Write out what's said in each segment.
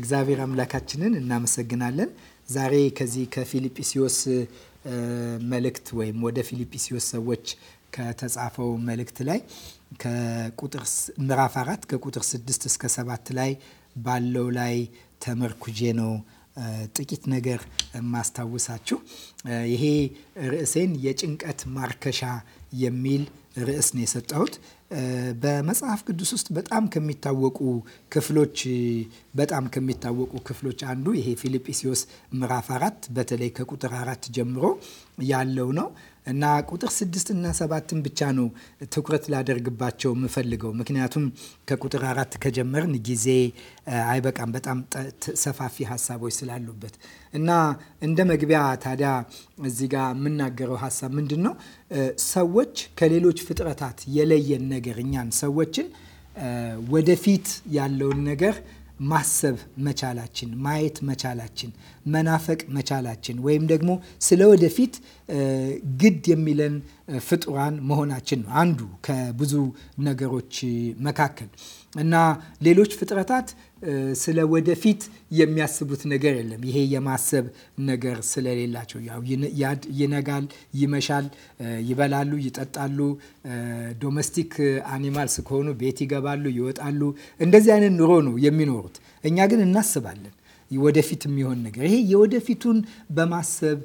እግዚአብሔር አምላካችንን እናመሰግናለን። ዛሬ ከዚህ ከፊልጵስዮስ መልእክት ወይም ወደ ፊልጵስዮስ ሰዎች ከተጻፈው መልእክት ላይ ከቁጥር ምዕራፍ አራት ከቁጥር ስድስት እስከ ሰባት ላይ ባለው ላይ ተመርኩጄ ነው ጥቂት ነገር የማስታውሳችሁ። ይሄ ርዕሴን የጭንቀት ማርከሻ የሚል ርዕስ ነው የሰጠሁት። በመጽሐፍ ቅዱስ ውስጥ በጣም ከሚታወቁ ክፍሎች በጣም ከሚታወቁ ክፍሎች አንዱ ይሄ ፊልጵስዩስ ምዕራፍ አራት በተለይ ከቁጥር አራት ጀምሮ ያለው ነው። እና ቁጥር ስድስት እና ሰባትን ብቻ ነው ትኩረት ላደርግባቸው የምፈልገው ምክንያቱም ከቁጥር አራት ከጀመርን ጊዜ አይበቃም። በጣም ሰፋፊ ሀሳቦች ስላሉበት እና እንደ መግቢያ ታዲያ እዚህ ጋር የምናገረው ሀሳብ ምንድን ነው? ሰዎች ከሌሎች ፍጥረታት የለየን ነገር እኛን ሰዎችን ወደፊት ያለውን ነገር ማሰብ መቻላችን፣ ማየት መቻላችን፣ መናፈቅ መቻላችን ወይም ደግሞ ስለ ወደፊት ግድ የሚለን ፍጡራን መሆናችን ነው አንዱ ከብዙ ነገሮች መካከል እና ሌሎች ፍጥረታት ስለ ወደፊት የሚያስቡት ነገር የለም። ይሄ የማሰብ ነገር ስለሌላቸው ያው ይነጋል፣ ይመሻል፣ ይበላሉ፣ ይጠጣሉ። ዶሜስቲክ አኒማልስ ከሆኑ ቤት ይገባሉ፣ ይወጣሉ። እንደዚህ አይነት ኑሮ ነው የሚኖሩት። እኛ ግን እናስባለን ወደፊት የሚሆን ነገር። ይሄ የወደፊቱን በማሰብ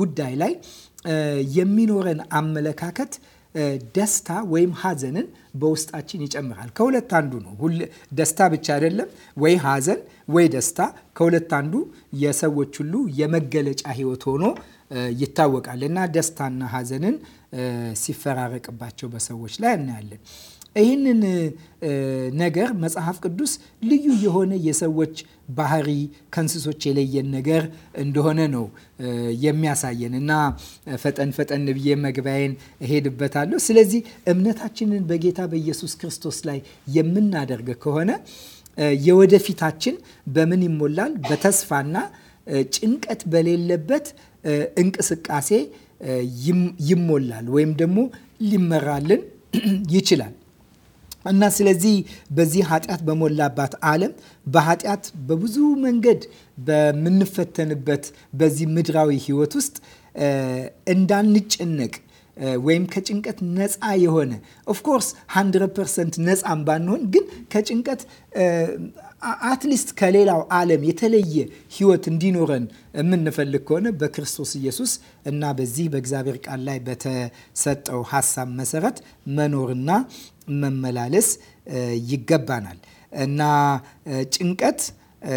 ጉዳይ ላይ የሚኖረን አመለካከት ደስታ ወይም ሀዘንን ። በውስጣችን ይጨምራል። ከሁለት አንዱ ነው። ደስታ ብቻ አይደለም፣ ወይ ሐዘን ወይ ደስታ። ከሁለት አንዱ የሰዎች ሁሉ የመገለጫ ህይወት ሆኖ ይታወቃል እና ደስታና ሐዘንን ሲፈራረቅባቸው በሰዎች ላይ እናያለን። ይህንን ነገር መጽሐፍ ቅዱስ ልዩ የሆነ የሰዎች ባህሪ ከእንስሶች የለየን ነገር እንደሆነ ነው የሚያሳየን እና ፈጠን ፈጠን ብዬ መግቢያዬን እሄድበታለሁ። ስለዚህ እምነታችንን በጌታ በኢየሱስ ክርስቶስ ላይ የምናደርግ ከሆነ የወደፊታችን በምን ይሞላል? በተስፋና ጭንቀት በሌለበት እንቅስቃሴ ይሞላል ወይም ደግሞ ሊመራልን ይችላል። እና ስለዚህ በዚህ ኃጢአት በሞላባት ዓለም በኃጢአት በብዙ መንገድ በምንፈተንበት በዚህ ምድራዊ ህይወት ውስጥ እንዳንጨነቅ ወይም ከጭንቀት ነፃ የሆነ ኦፍኮርስ 100 ፐርሰንት ነፃም ባንሆን ግን ከጭንቀት አትሊስት ከሌላው ዓለም የተለየ ህይወት እንዲኖረን የምንፈልግ ከሆነ በክርስቶስ ኢየሱስ እና በዚህ በእግዚአብሔር ቃል ላይ በተሰጠው ሀሳብ መሰረት መኖርና መመላለስ ይገባናል እና ጭንቀት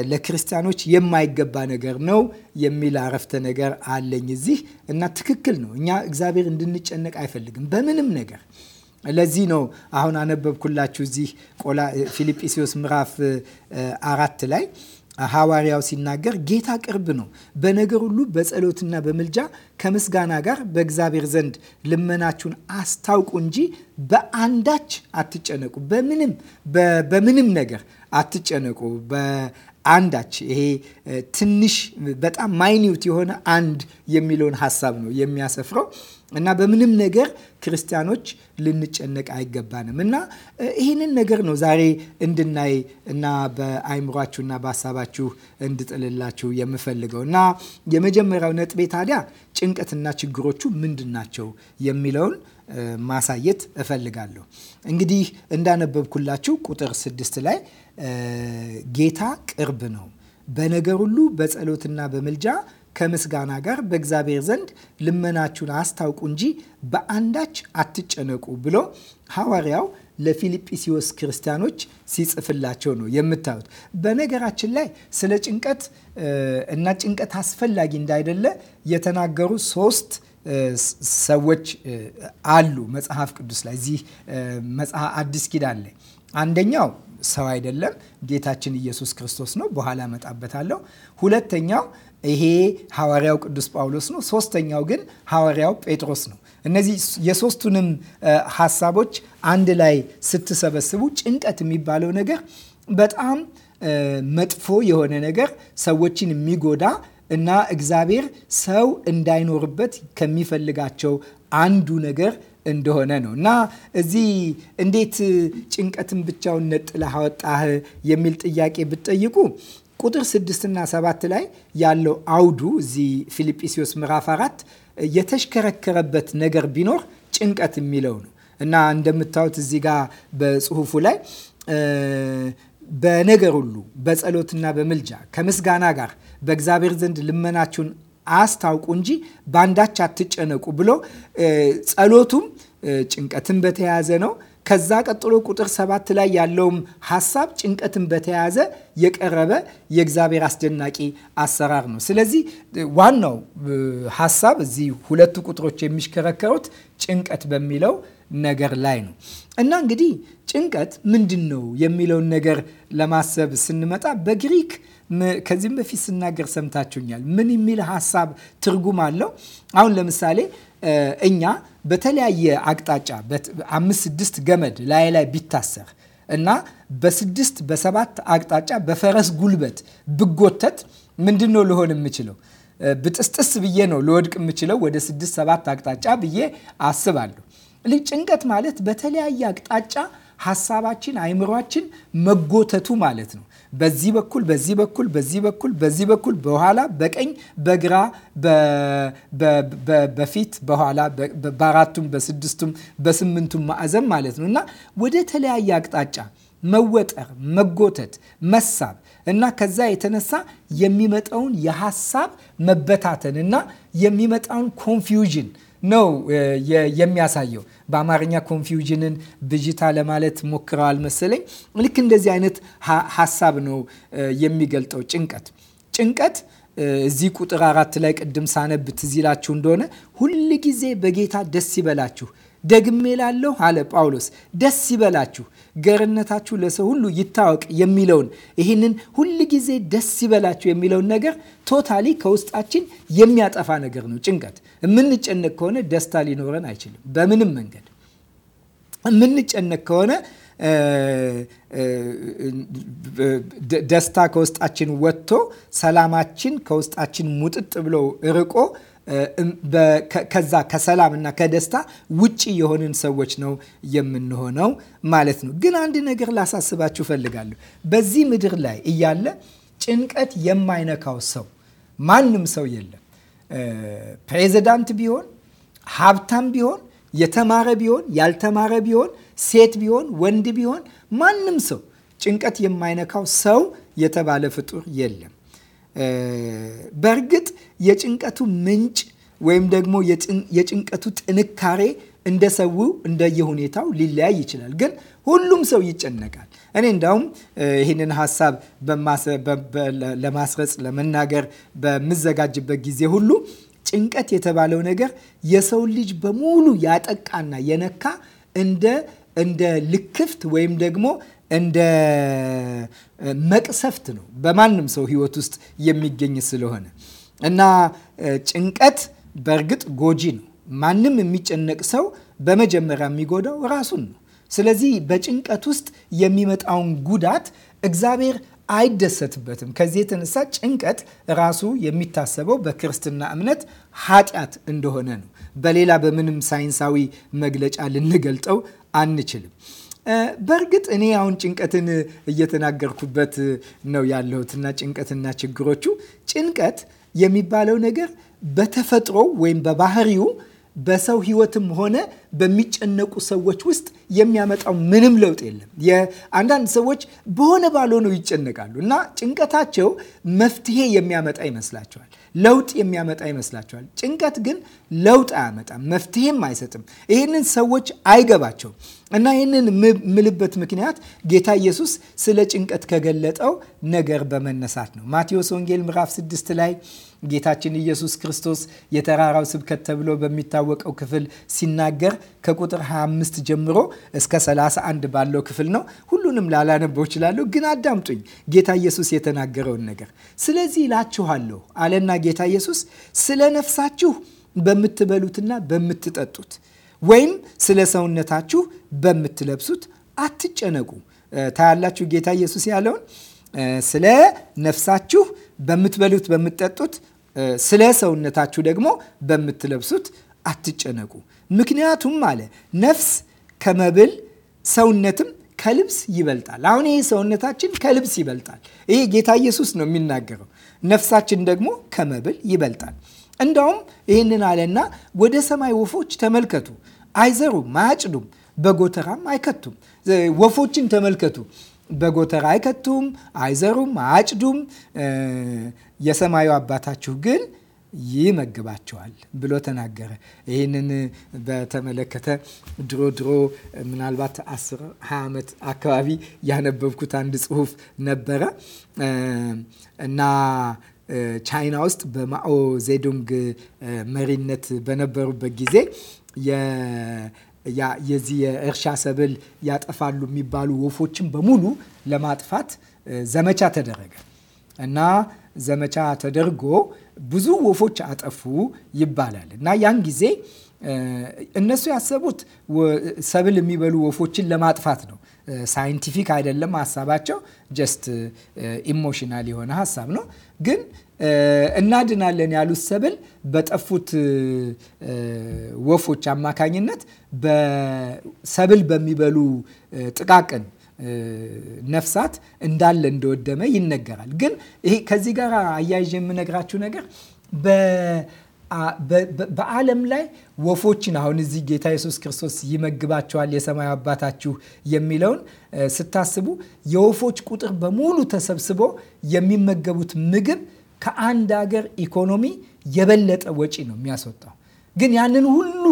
ለክርስቲያኖች የማይገባ ነገር ነው የሚል አረፍተ ነገር አለኝ እዚህ እና ትክክል ነው። እኛ እግዚአብሔር እንድንጨነቅ አይፈልግም በምንም ነገር። ለዚህ ነው አሁን አነበብኩላችሁ እዚህ ፊልጵስዩስ ምዕራፍ አራት ላይ ሐዋርያው ሲናገር ጌታ ቅርብ ነው፣ በነገር ሁሉ በጸሎትና በምልጃ ከምስጋና ጋር በእግዚአብሔር ዘንድ ልመናችሁን አስታውቁ እንጂ በአንዳች አትጨነቁ። በምንም በምንም ነገር አትጨነቁ። አንዳች ይሄ ትንሽ በጣም ማይኒውት የሆነ አንድ የሚለውን ሀሳብ ነው የሚያሰፍረው እና በምንም ነገር ክርስቲያኖች ልንጨነቅ አይገባንም እና ይህንን ነገር ነው ዛሬ እንድናይ እና በአይምሯችሁና በሀሳባችሁ እንድጥልላችሁ የምፈልገው እና የመጀመሪያው ነጥቤ ታዲያ ጭንቀትና ችግሮቹ ምንድን ናቸው የሚለውን ማሳየት እፈልጋለሁ። እንግዲህ እንዳነበብኩላችሁ ቁጥር ስድስት ላይ ጌታ ቅርብ ነው። በነገር ሁሉ በጸሎትና በምልጃ ከምስጋና ጋር በእግዚአብሔር ዘንድ ልመናችሁን አስታውቁ እንጂ በአንዳች አትጨነቁ ብሎ ሐዋርያው ለፊልጵስዎስ ክርስቲያኖች ሲጽፍላቸው ነው የምታዩት። በነገራችን ላይ ስለ ጭንቀት እና ጭንቀት አስፈላጊ እንዳይደለ የተናገሩ ሶስት ሰዎች አሉ መጽሐፍ ቅዱስ ላይ እዚህ አዲስ ኪዳን ላይ አንደኛው ሰው አይደለም፣ ጌታችን ኢየሱስ ክርስቶስ ነው። በኋላ እመጣበታለሁ። ሁለተኛው ይሄ ሐዋርያው ቅዱስ ጳውሎስ ነው። ሶስተኛው ግን ሐዋርያው ጴጥሮስ ነው። እነዚህ የሶስቱንም ሀሳቦች አንድ ላይ ስትሰበስቡ ጭንቀት የሚባለው ነገር በጣም መጥፎ የሆነ ነገር ሰዎችን የሚጎዳ እና እግዚአብሔር ሰው እንዳይኖርበት ከሚፈልጋቸው አንዱ ነገር እንደሆነ ነው እና እዚህ እንዴት ጭንቀትን ብቻውን ነጥለህ አወጣህ የሚል ጥያቄ ብትጠይቁ ቁጥር ስድስትና ሰባት ላይ ያለው አውዱ እዚህ ፊልጵስዩስ ምዕራፍ አራት የተሽከረከረበት ነገር ቢኖር ጭንቀት የሚለው ነው እና እንደምታዩት እዚህ ጋር በጽሁፉ ላይ በነገር ሁሉ በጸሎትና በምልጃ ከምስጋና ጋር በእግዚአብሔር ዘንድ ልመናችሁን አስታውቁ እንጂ በአንዳች አትጨነቁ ብሎ ጸሎቱም ጭንቀትን በተያያዘ ነው። ከዛ ቀጥሎ ቁጥር ሰባት ላይ ያለውም ሀሳብ ጭንቀትን በተያያዘ የቀረበ የእግዚአብሔር አስደናቂ አሰራር ነው። ስለዚህ ዋናው ሀሳብ እዚህ ሁለቱ ቁጥሮች የሚሽከረከሩት ጭንቀት በሚለው ነገር ላይ ነው እና እንግዲህ ጭንቀት ምንድን ነው የሚለውን ነገር ለማሰብ ስንመጣ በግሪክ ከዚህም በፊት ስናገር ሰምታችሁኛል። ምን የሚል ሀሳብ ትርጉም አለው? አሁን ለምሳሌ እኛ በተለያየ አቅጣጫ አምስት ስድስት ገመድ ላይ ላይ ቢታሰር እና በስድስት በሰባት አቅጣጫ በፈረስ ጉልበት ብጎተት ምንድን ነው ልሆን የምችለው? ብጥስጥስ ብዬ ነው ልወድቅ የምችለው ወደ ስድስት ሰባት አቅጣጫ ብዬ አስባለሁ። ጭንቀት ማለት በተለያየ አቅጣጫ ሀሳባችን አይምሯችን መጎተቱ ማለት ነው። በዚህ በኩል በዚህ በኩል በዚህ በኩል በዚህ በኩል በኋላ በቀኝ በግራ በፊት በኋላ በአራቱም በስድስቱም በስምንቱም ማዕዘን ማለት ነው እና ወደ ተለያየ አቅጣጫ መወጠር፣ መጎተት፣ መሳብ እና ከዛ የተነሳ የሚመጣውን የሀሳብ መበታተን እና የሚመጣውን ኮንፊውዥን ነው የሚያሳየው። በአማርኛ ኮንፊውዥንን ብዥታ ለማለት ሞክረዋል መሰለኝ። ልክ እንደዚህ አይነት ሀሳብ ነው የሚገልጠው ጭንቀት። ጭንቀት እዚህ ቁጥር አራት ላይ ቅድም ሳነብ ትዝ ይላችሁ እንደሆነ ሁል ጊዜ በጌታ ደስ ይበላችሁ፣ ደግሜ ላለሁ አለ ጳውሎስ። ደስ ይበላችሁ ገርነታችሁ ለሰው ሁሉ ይታወቅ የሚለውን ይህንን ሁልጊዜ ደስ ይበላችሁ የሚለውን ነገር ቶታሊ ከውስጣችን የሚያጠፋ ነገር ነው። ጭንቀት የምንጨነቅ ከሆነ ደስታ ሊኖረን አይችልም። በምንም መንገድ የምንጨነቅ ከሆነ ደስታ ከውስጣችን ወጥቶ ሰላማችን ከውስጣችን ሙጥጥ ብሎ ርቆ ከዛ ከሰላም እና ከደስታ ውጭ የሆንን ሰዎች ነው የምንሆነው ማለት ነው። ግን አንድ ነገር ላሳስባችሁ ፈልጋለሁ። በዚህ ምድር ላይ እያለ ጭንቀት የማይነካው ሰው ማንም ሰው የለም። ፕሬዚዳንት ቢሆን፣ ሀብታም ቢሆን፣ የተማረ ቢሆን፣ ያልተማረ ቢሆን፣ ሴት ቢሆን፣ ወንድ ቢሆን፣ ማንም ሰው ጭንቀት የማይነካው ሰው የተባለ ፍጡር የለም። በእርግጥ የጭንቀቱ ምንጭ ወይም ደግሞ የጭንቀቱ ጥንካሬ እንደ ሰው እንደየሁኔታው ሊለያይ ይችላል። ግን ሁሉም ሰው ይጨነቃል። እኔ እንዳውም ይህንን ሀሳብ ለማስረጽ ለመናገር በምዘጋጅበት ጊዜ ሁሉ ጭንቀት የተባለው ነገር የሰው ልጅ በሙሉ ያጠቃና የነካ እንደ እንደ ልክፍት ወይም ደግሞ እንደ መቅሰፍት ነው በማንም ሰው ህይወት ውስጥ የሚገኝ ስለሆነ እና ጭንቀት በእርግጥ ጎጂ ነው። ማንም የሚጨነቅ ሰው በመጀመሪያ የሚጎዳው ራሱን ነው። ስለዚህ በጭንቀት ውስጥ የሚመጣውን ጉዳት እግዚአብሔር አይደሰትበትም። ከዚህ የተነሳ ጭንቀት ራሱ የሚታሰበው በክርስትና እምነት ኃጢአት እንደሆነ ነው። በሌላ በምንም ሳይንሳዊ መግለጫ ልንገልጠው አንችልም። በእርግጥ እኔ አሁን ጭንቀትን እየተናገርኩበት ነው ያለሁትና ጭንቀትና ችግሮቹ ጭንቀት የሚባለው ነገር በተፈጥሮ ወይም በባህሪው በሰው ህይወትም ሆነ በሚጨነቁ ሰዎች ውስጥ የሚያመጣው ምንም ለውጥ የለም። አንዳንድ ሰዎች በሆነ ባልሆነው ይጨነቃሉ እና ጭንቀታቸው መፍትሄ የሚያመጣ ይመስላቸዋል፣ ለውጥ የሚያመጣ ይመስላቸዋል። ጭንቀት ግን ለውጥ አያመጣም፣ መፍትሄም አይሰጥም። ይህንን ሰዎች አይገባቸውም። እና ይህንን ምልበት ምክንያት ጌታ ኢየሱስ ስለ ጭንቀት ከገለጠው ነገር በመነሳት ነው። ማቴዎስ ወንጌል ምዕራፍ 6 ላይ ጌታችን ኢየሱስ ክርስቶስ የተራራው ስብከት ተብሎ በሚታወቀው ክፍል ሲናገር ከቁጥር 25 ጀምሮ እስከ 31 ባለው ክፍል ነው። ሁሉንም ላላነበው እችላለሁ፣ ግን አዳምጡኝ። ጌታ ኢየሱስ የተናገረውን ነገር ስለዚህ እላችኋለሁ አለና ጌታ ኢየሱስ ስለ ነፍሳችሁ በምትበሉትና በምትጠጡት ወይም ስለ ሰውነታችሁ በምትለብሱት አትጨነቁ። ታያላችሁ ጌታ ኢየሱስ ያለውን ስለ ነፍሳችሁ በምትበሉት በምትጠጡት፣ ስለ ሰውነታችሁ ደግሞ በምትለብሱት አትጨነቁ። ምክንያቱም አለ ነፍስ ከመብል ሰውነትም ከልብስ ይበልጣል። አሁን ይህ ሰውነታችን ከልብስ ይበልጣል። ይህ ጌታ ኢየሱስ ነው የሚናገረው። ነፍሳችን ደግሞ ከመብል ይበልጣል። እንዳውም ይህንን አለና ወደ ሰማይ ወፎች ተመልከቱ አይዘሩም፣ አያጭዱም፣ በጎተራም አይከቱም። ወፎችን ተመልከቱ። በጎተራ አይከቱም፣ አይዘሩም፣ አያጭዱም። የሰማዩ አባታችሁ ግን ይመግባቸዋል ብሎ ተናገረ። ይህንን በተመለከተ ድሮ ድሮ ምናልባት 10 20 ዓመት አካባቢ ያነበብኩት አንድ ጽሁፍ ነበረ እና ቻይና ውስጥ በማኦ ዜዱንግ መሪነት በነበሩበት ጊዜ የዚህ የእርሻ ሰብል ያጠፋሉ የሚባሉ ወፎችን በሙሉ ለማጥፋት ዘመቻ ተደረገ እና ዘመቻ ተደርጎ ብዙ ወፎች አጠፉ ይባላል እና ያን ጊዜ እነሱ ያሰቡት ሰብል የሚበሉ ወፎችን ለማጥፋት ነው። ሳይንቲፊክ አይደለም ሀሳባቸው፣ ጀስት ኢሞሽናል uh, የሆነ ሀሳብ ነው። ግን uh, እናድናለን ያሉት ሰብል በጠፉት uh, ወፎች አማካኝነት በሰብል በሚበሉ ጥቃቅን ነፍሳት እንዳለ እንደወደመ ይነገራል። ግን ይሄ ከዚህ ጋር አያይዤ የምነግራችሁ ነገር በዓለም ላይ ወፎችን አሁን እዚህ ጌታ ኢየሱስ ክርስቶስ ይመግባቸዋል የሰማይ አባታችሁ የሚለውን ስታስቡ የወፎች ቁጥር በሙሉ ተሰብስቦ የሚመገቡት ምግብ ከአንድ ሀገር ኢኮኖሚ የበለጠ ወጪ ነው የሚያስወጣው። ግን ያንን ሁሉ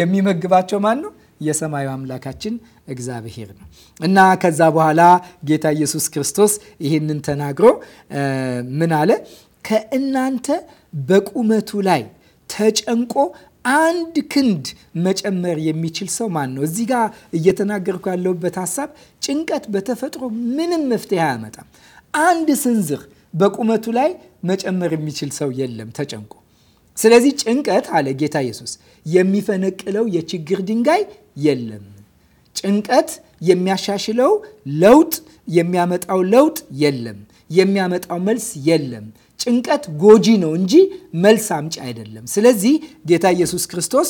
የሚመግባቸው ማን ነው? የሰማዩ አምላካችን እግዚአብሔር ነው እና ከዛ በኋላ ጌታ ኢየሱስ ክርስቶስ ይህንን ተናግሮ ምን አለ? ከእናንተ በቁመቱ ላይ ተጨንቆ አንድ ክንድ መጨመር የሚችል ሰው ማን ነው? እዚህ ጋር እየተናገርኩ ያለሁበት ሀሳብ ጭንቀት በተፈጥሮ ምንም መፍትሄ አያመጣም። አንድ ስንዝር በቁመቱ ላይ መጨመር የሚችል ሰው የለም ተጨንቆ። ስለዚህ ጭንቀት አለ ጌታ ኢየሱስ የሚፈነቅለው የችግር ድንጋይ የለም። ጭንቀት የሚያሻሽለው ለውጥ የሚያመጣው ለውጥ የለም። የሚያመጣው መልስ የለም። ጭንቀት ጎጂ ነው እንጂ መልስ አምጪ አይደለም። ስለዚህ ጌታ ኢየሱስ ክርስቶስ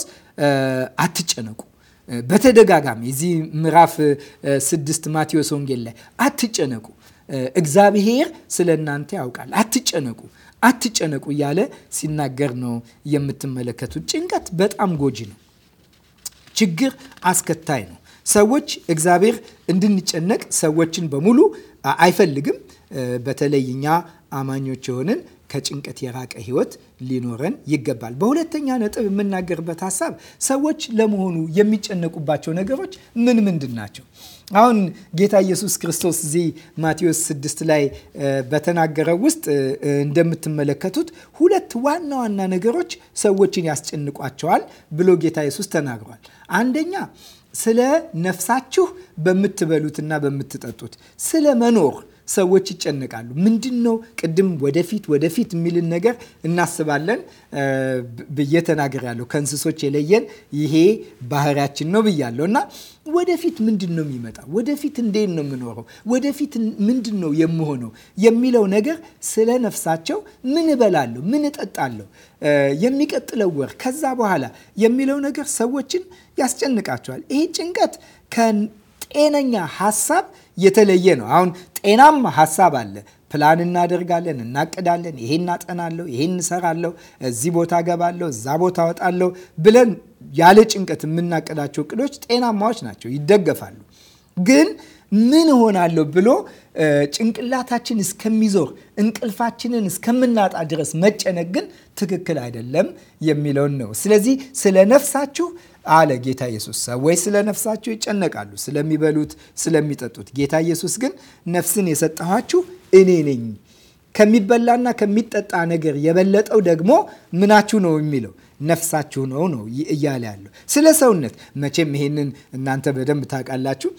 አትጨነቁ በተደጋጋሚ እዚህ ምዕራፍ ስድስት ማቴዎስ ወንጌል ላይ አትጨነቁ፣ እግዚአብሔር ስለ እናንተ ያውቃል፣ አትጨነቁ አትጨነቁ እያለ ሲናገር ነው የምትመለከቱት። ጭንቀት በጣም ጎጂ ነው። ችግር አስከታይ ነው። ሰዎች እግዚአብሔር እንድንጨነቅ ሰዎችን በሙሉ አይፈልግም። በተለይ እኛ አማኞች የሆንን ከጭንቀት የራቀ ህይወት ሊኖረን ይገባል። በሁለተኛ ነጥብ የምናገርበት ሀሳብ ሰዎች ለመሆኑ የሚጨነቁባቸው ነገሮች ምን ምንድን ናቸው? አሁን ጌታ ኢየሱስ ክርስቶስ እዚህ ማቴዎስ 6 ላይ በተናገረው ውስጥ እንደምትመለከቱት ሁለት ዋና ዋና ነገሮች ሰዎችን ያስጨንቋቸዋል ብሎ ጌታ ኢየሱስ ተናግሯል። አንደኛ ስለ ነፍሳችሁ በምትበሉትና በምትጠጡት ስለ መኖር ሰዎች ይጨነቃሉ። ምንድን ነው ቅድም ወደፊት ወደፊት የሚልን ነገር እናስባለን ብዬ ተናግሬያለሁ። ከእንስሶች የለየን ይሄ ባህሪያችን ነው ብያለሁ እና ወደፊት ምንድን ነው የሚመጣው? ወደፊት እንዴት ነው የምኖረው? ወደፊት ምንድን ነው የምሆነው የሚለው ነገር ስለ ነፍሳቸው ምን እበላለሁ፣ ምን እጠጣለሁ፣ የሚቀጥለው ወር ከዛ በኋላ የሚለው ነገር ሰዎችን ያስጨንቃቸዋል። ይሄ ጭንቀት ከጤነኛ ሀሳብ የተለየ ነው። አሁን ጤናም ሀሳብ አለ። ፕላን እናደርጋለን፣ እናቅዳለን። ይሄን እናጠናለሁ፣ ይሄን እንሰራለሁ፣ እዚህ ቦታ ገባለሁ፣ እዛ ቦታ ወጣለሁ ብለን ያለ ጭንቀት የምናቅዳቸው እቅዶች ጤናማዎች ናቸው፣ ይደገፋሉ። ግን ምን እሆናለሁ ብሎ ጭንቅላታችን እስከሚዞር እንቅልፋችንን እስከምናጣ ድረስ መጨነቅ ግን ትክክል አይደለም የሚለውን ነው። ስለዚህ ስለ ነፍሳችሁ አለ ጌታ ኢየሱስ። ሰዎች ስለ ነፍሳቸው ይጨነቃሉ፣ ስለሚበሉት፣ ስለሚጠጡት። ጌታ ኢየሱስ ግን ነፍስን የሰጠኋችሁ እኔ ነኝ፣ ከሚበላና ከሚጠጣ ነገር የበለጠው ደግሞ ምናችሁ ነው የሚለው ነፍሳችሁ ነው ነው እያለ ያለው ስለ ሰውነት። መቼም ይሄንን እናንተ በደንብ ታውቃላችሁ።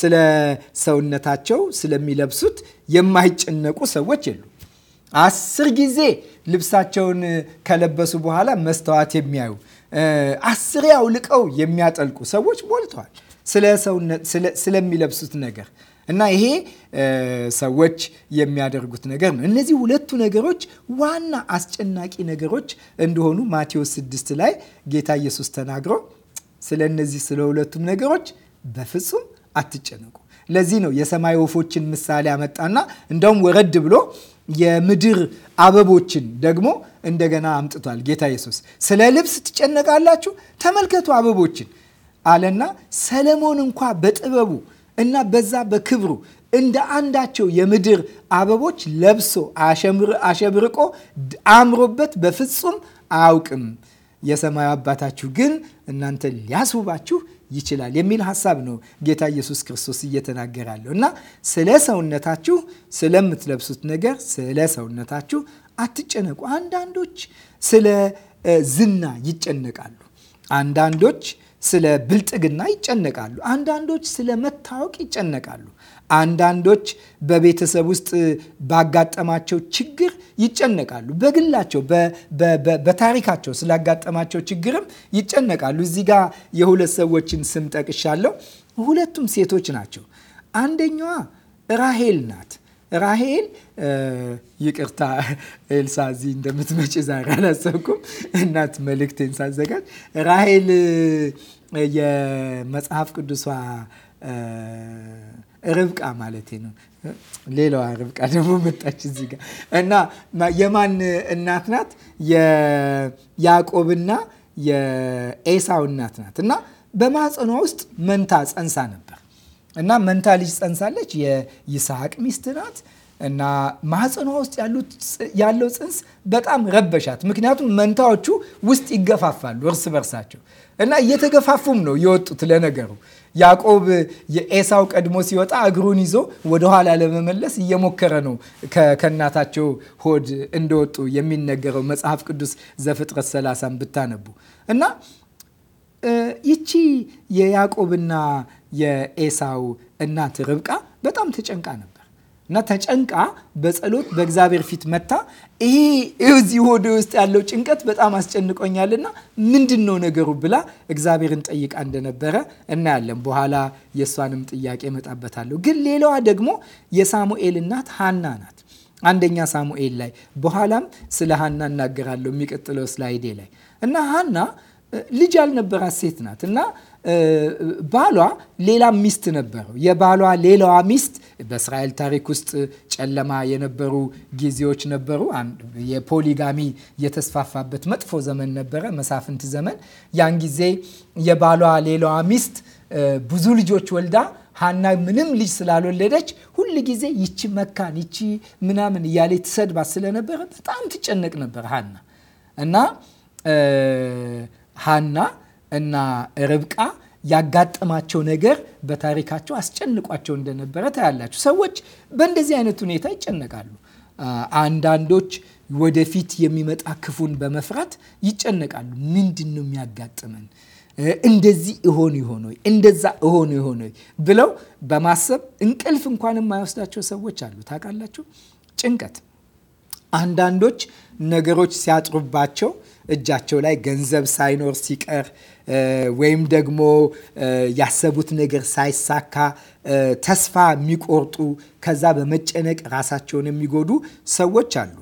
ስለ ሰውነታቸው ስለሚለብሱት የማይጨነቁ ሰዎች የሉ። አስር ጊዜ ልብሳቸውን ከለበሱ በኋላ መስተዋት የሚያዩ አስሬ አውልቀው የሚያጠልቁ ሰዎች ሞልተዋል፣ ስለሚለብሱት ነገር እና ይሄ ሰዎች የሚያደርጉት ነገር ነው። እነዚህ ሁለቱ ነገሮች ዋና አስጨናቂ ነገሮች እንደሆኑ ማቴዎስ 6 ላይ ጌታ ኢየሱስ ተናግሮ ስለ እነዚህ ስለ ሁለቱም ነገሮች በፍጹም አትጨነቁ። ለዚህ ነው የሰማይ ወፎችን ምሳሌ አመጣና እንደውም ወረድ ብሎ የምድር አበቦችን ደግሞ እንደገና አምጥቷል ጌታ ኢየሱስ። ስለ ልብስ ትጨነቃላችሁ? ተመልከቱ አበቦችን አለና ሰለሞን እንኳ በጥበቡ እና በዛ በክብሩ እንደ አንዳቸው የምድር አበቦች ለብሶ አሸብርቆ አምሮበት በፍጹም አያውቅም። የሰማዩ አባታችሁ ግን እናንተ ሊያስውባችሁ ይችላል የሚል ሀሳብ ነው ጌታ ኢየሱስ ክርስቶስ እየተናገራለሁ እና ስለ ሰውነታችሁ ስለምትለብሱት ነገር ስለ ሰውነታችሁ አትጨነቁ። አንዳንዶች ስለ ዝና ይጨነቃሉ። አንዳንዶች ስለ ብልጥግና ይጨነቃሉ። አንዳንዶች ስለ መታወቅ ይጨነቃሉ። አንዳንዶች በቤተሰብ ውስጥ ባጋጠማቸው ችግር ይጨነቃሉ። በግላቸው በታሪካቸው ስላጋጠማቸው ችግርም ይጨነቃሉ። እዚህ ጋር የሁለት ሰዎችን ስም ጠቅሻለሁ። ሁለቱም ሴቶች ናቸው። አንደኛዋ ራሄል ናት። ራሄል ይቅርታ ኤልሳ እዚህ እንደምትመጪ ዛሬ አላሰብኩም። እናት መልእክቴን ሳዘጋጅ ራሄል የመጽሐፍ ቅዱሷ ርብቃ ማለቴ ነው። ሌላዋ ርብቃ ደግሞ መጣች እዚህ ጋር እና የማን እናት ናት? የያዕቆብና የኤሳው እናት ናት እና በማህፀኗ ውስጥ መንታ ጸንሳ ነበር እና መንታ ልጅ ጸንሳለች። የይስሐቅ ሚስት ናት። እና ማህፀኗ ውስጥ ያለው ጽንስ በጣም ረበሻት። ምክንያቱም መንታዎቹ ውስጥ ይገፋፋሉ እርስ በርሳቸው እና እየተገፋፉም ነው የወጡት። ለነገሩ ያዕቆብ የኤሳው ቀድሞ ሲወጣ እግሩን ይዞ ወደኋላ ለመመለስ እየሞከረ ነው ከእናታቸው ሆድ እንደወጡ የሚነገረው መጽሐፍ ቅዱስ ዘፍጥረት ሰላሳን ብታነቡ እና ይቺ የያዕቆብና የኤሳው እናት ርብቃ በጣም ተጨንቃ ነበር እና ተጨንቃ በጸሎት በእግዚአብሔር ፊት መታ ይሄ እዚህ ሆዴ ውስጥ ያለው ጭንቀት በጣም አስጨንቆኛልና ምንድን ነው ነገሩ ብላ እግዚአብሔርን ጠይቃ እንደነበረ እናያለን። በኋላ የእሷንም ጥያቄ መጣበታለሁ ግን ሌላዋ ደግሞ የሳሙኤል እናት ሀና ናት። አንደኛ ሳሙኤል ላይ በኋላም ስለ ሀና እናገራለሁ የሚቀጥለው ስላይዴ ላይ እና ሀና ልጅ ያልነበራት ሴት ናት እና ባሏ ሌላ ሚስት ነበረው። የባሏ ሌላዋ ሚስት በእስራኤል ታሪክ ውስጥ ጨለማ የነበሩ ጊዜዎች ነበሩ። የፖሊጋሚ የተስፋፋበት መጥፎ ዘመን ነበረ፣ መሳፍንት ዘመን። ያን ጊዜ የባሏ ሌላዋ ሚስት ብዙ ልጆች ወልዳ ሀና ምንም ልጅ ስላልወለደች ሁል ጊዜ ይቺ መካን ይቺ ምናምን እያለ ትሰድባት ስለነበረ በጣም ትጨነቅ ነበር ሀና እና ሀና እና ርብቃ ያጋጠማቸው ነገር በታሪካቸው አስጨንቋቸው እንደነበረ ታያላችሁ። ሰዎች በእንደዚህ አይነት ሁኔታ ይጨነቃሉ። አንዳንዶች ወደፊት የሚመጣ ክፉን በመፍራት ይጨነቃሉ። ምንድን ነው የሚያጋጥመን? እንደዚህ እሆን ይሆን እንደዛ እሆን ይሆን ብለው በማሰብ እንቅልፍ እንኳን የማይወስዳቸው ሰዎች አሉ። ታውቃላችሁ፣ ጭንቀት። አንዳንዶች ነገሮች ሲያጥሩባቸው እጃቸው ላይ ገንዘብ ሳይኖር ሲቀር ወይም ደግሞ ያሰቡት ነገር ሳይሳካ ተስፋ የሚቆርጡ ከዛ በመጨነቅ ራሳቸውን የሚጎዱ ሰዎች አሉ።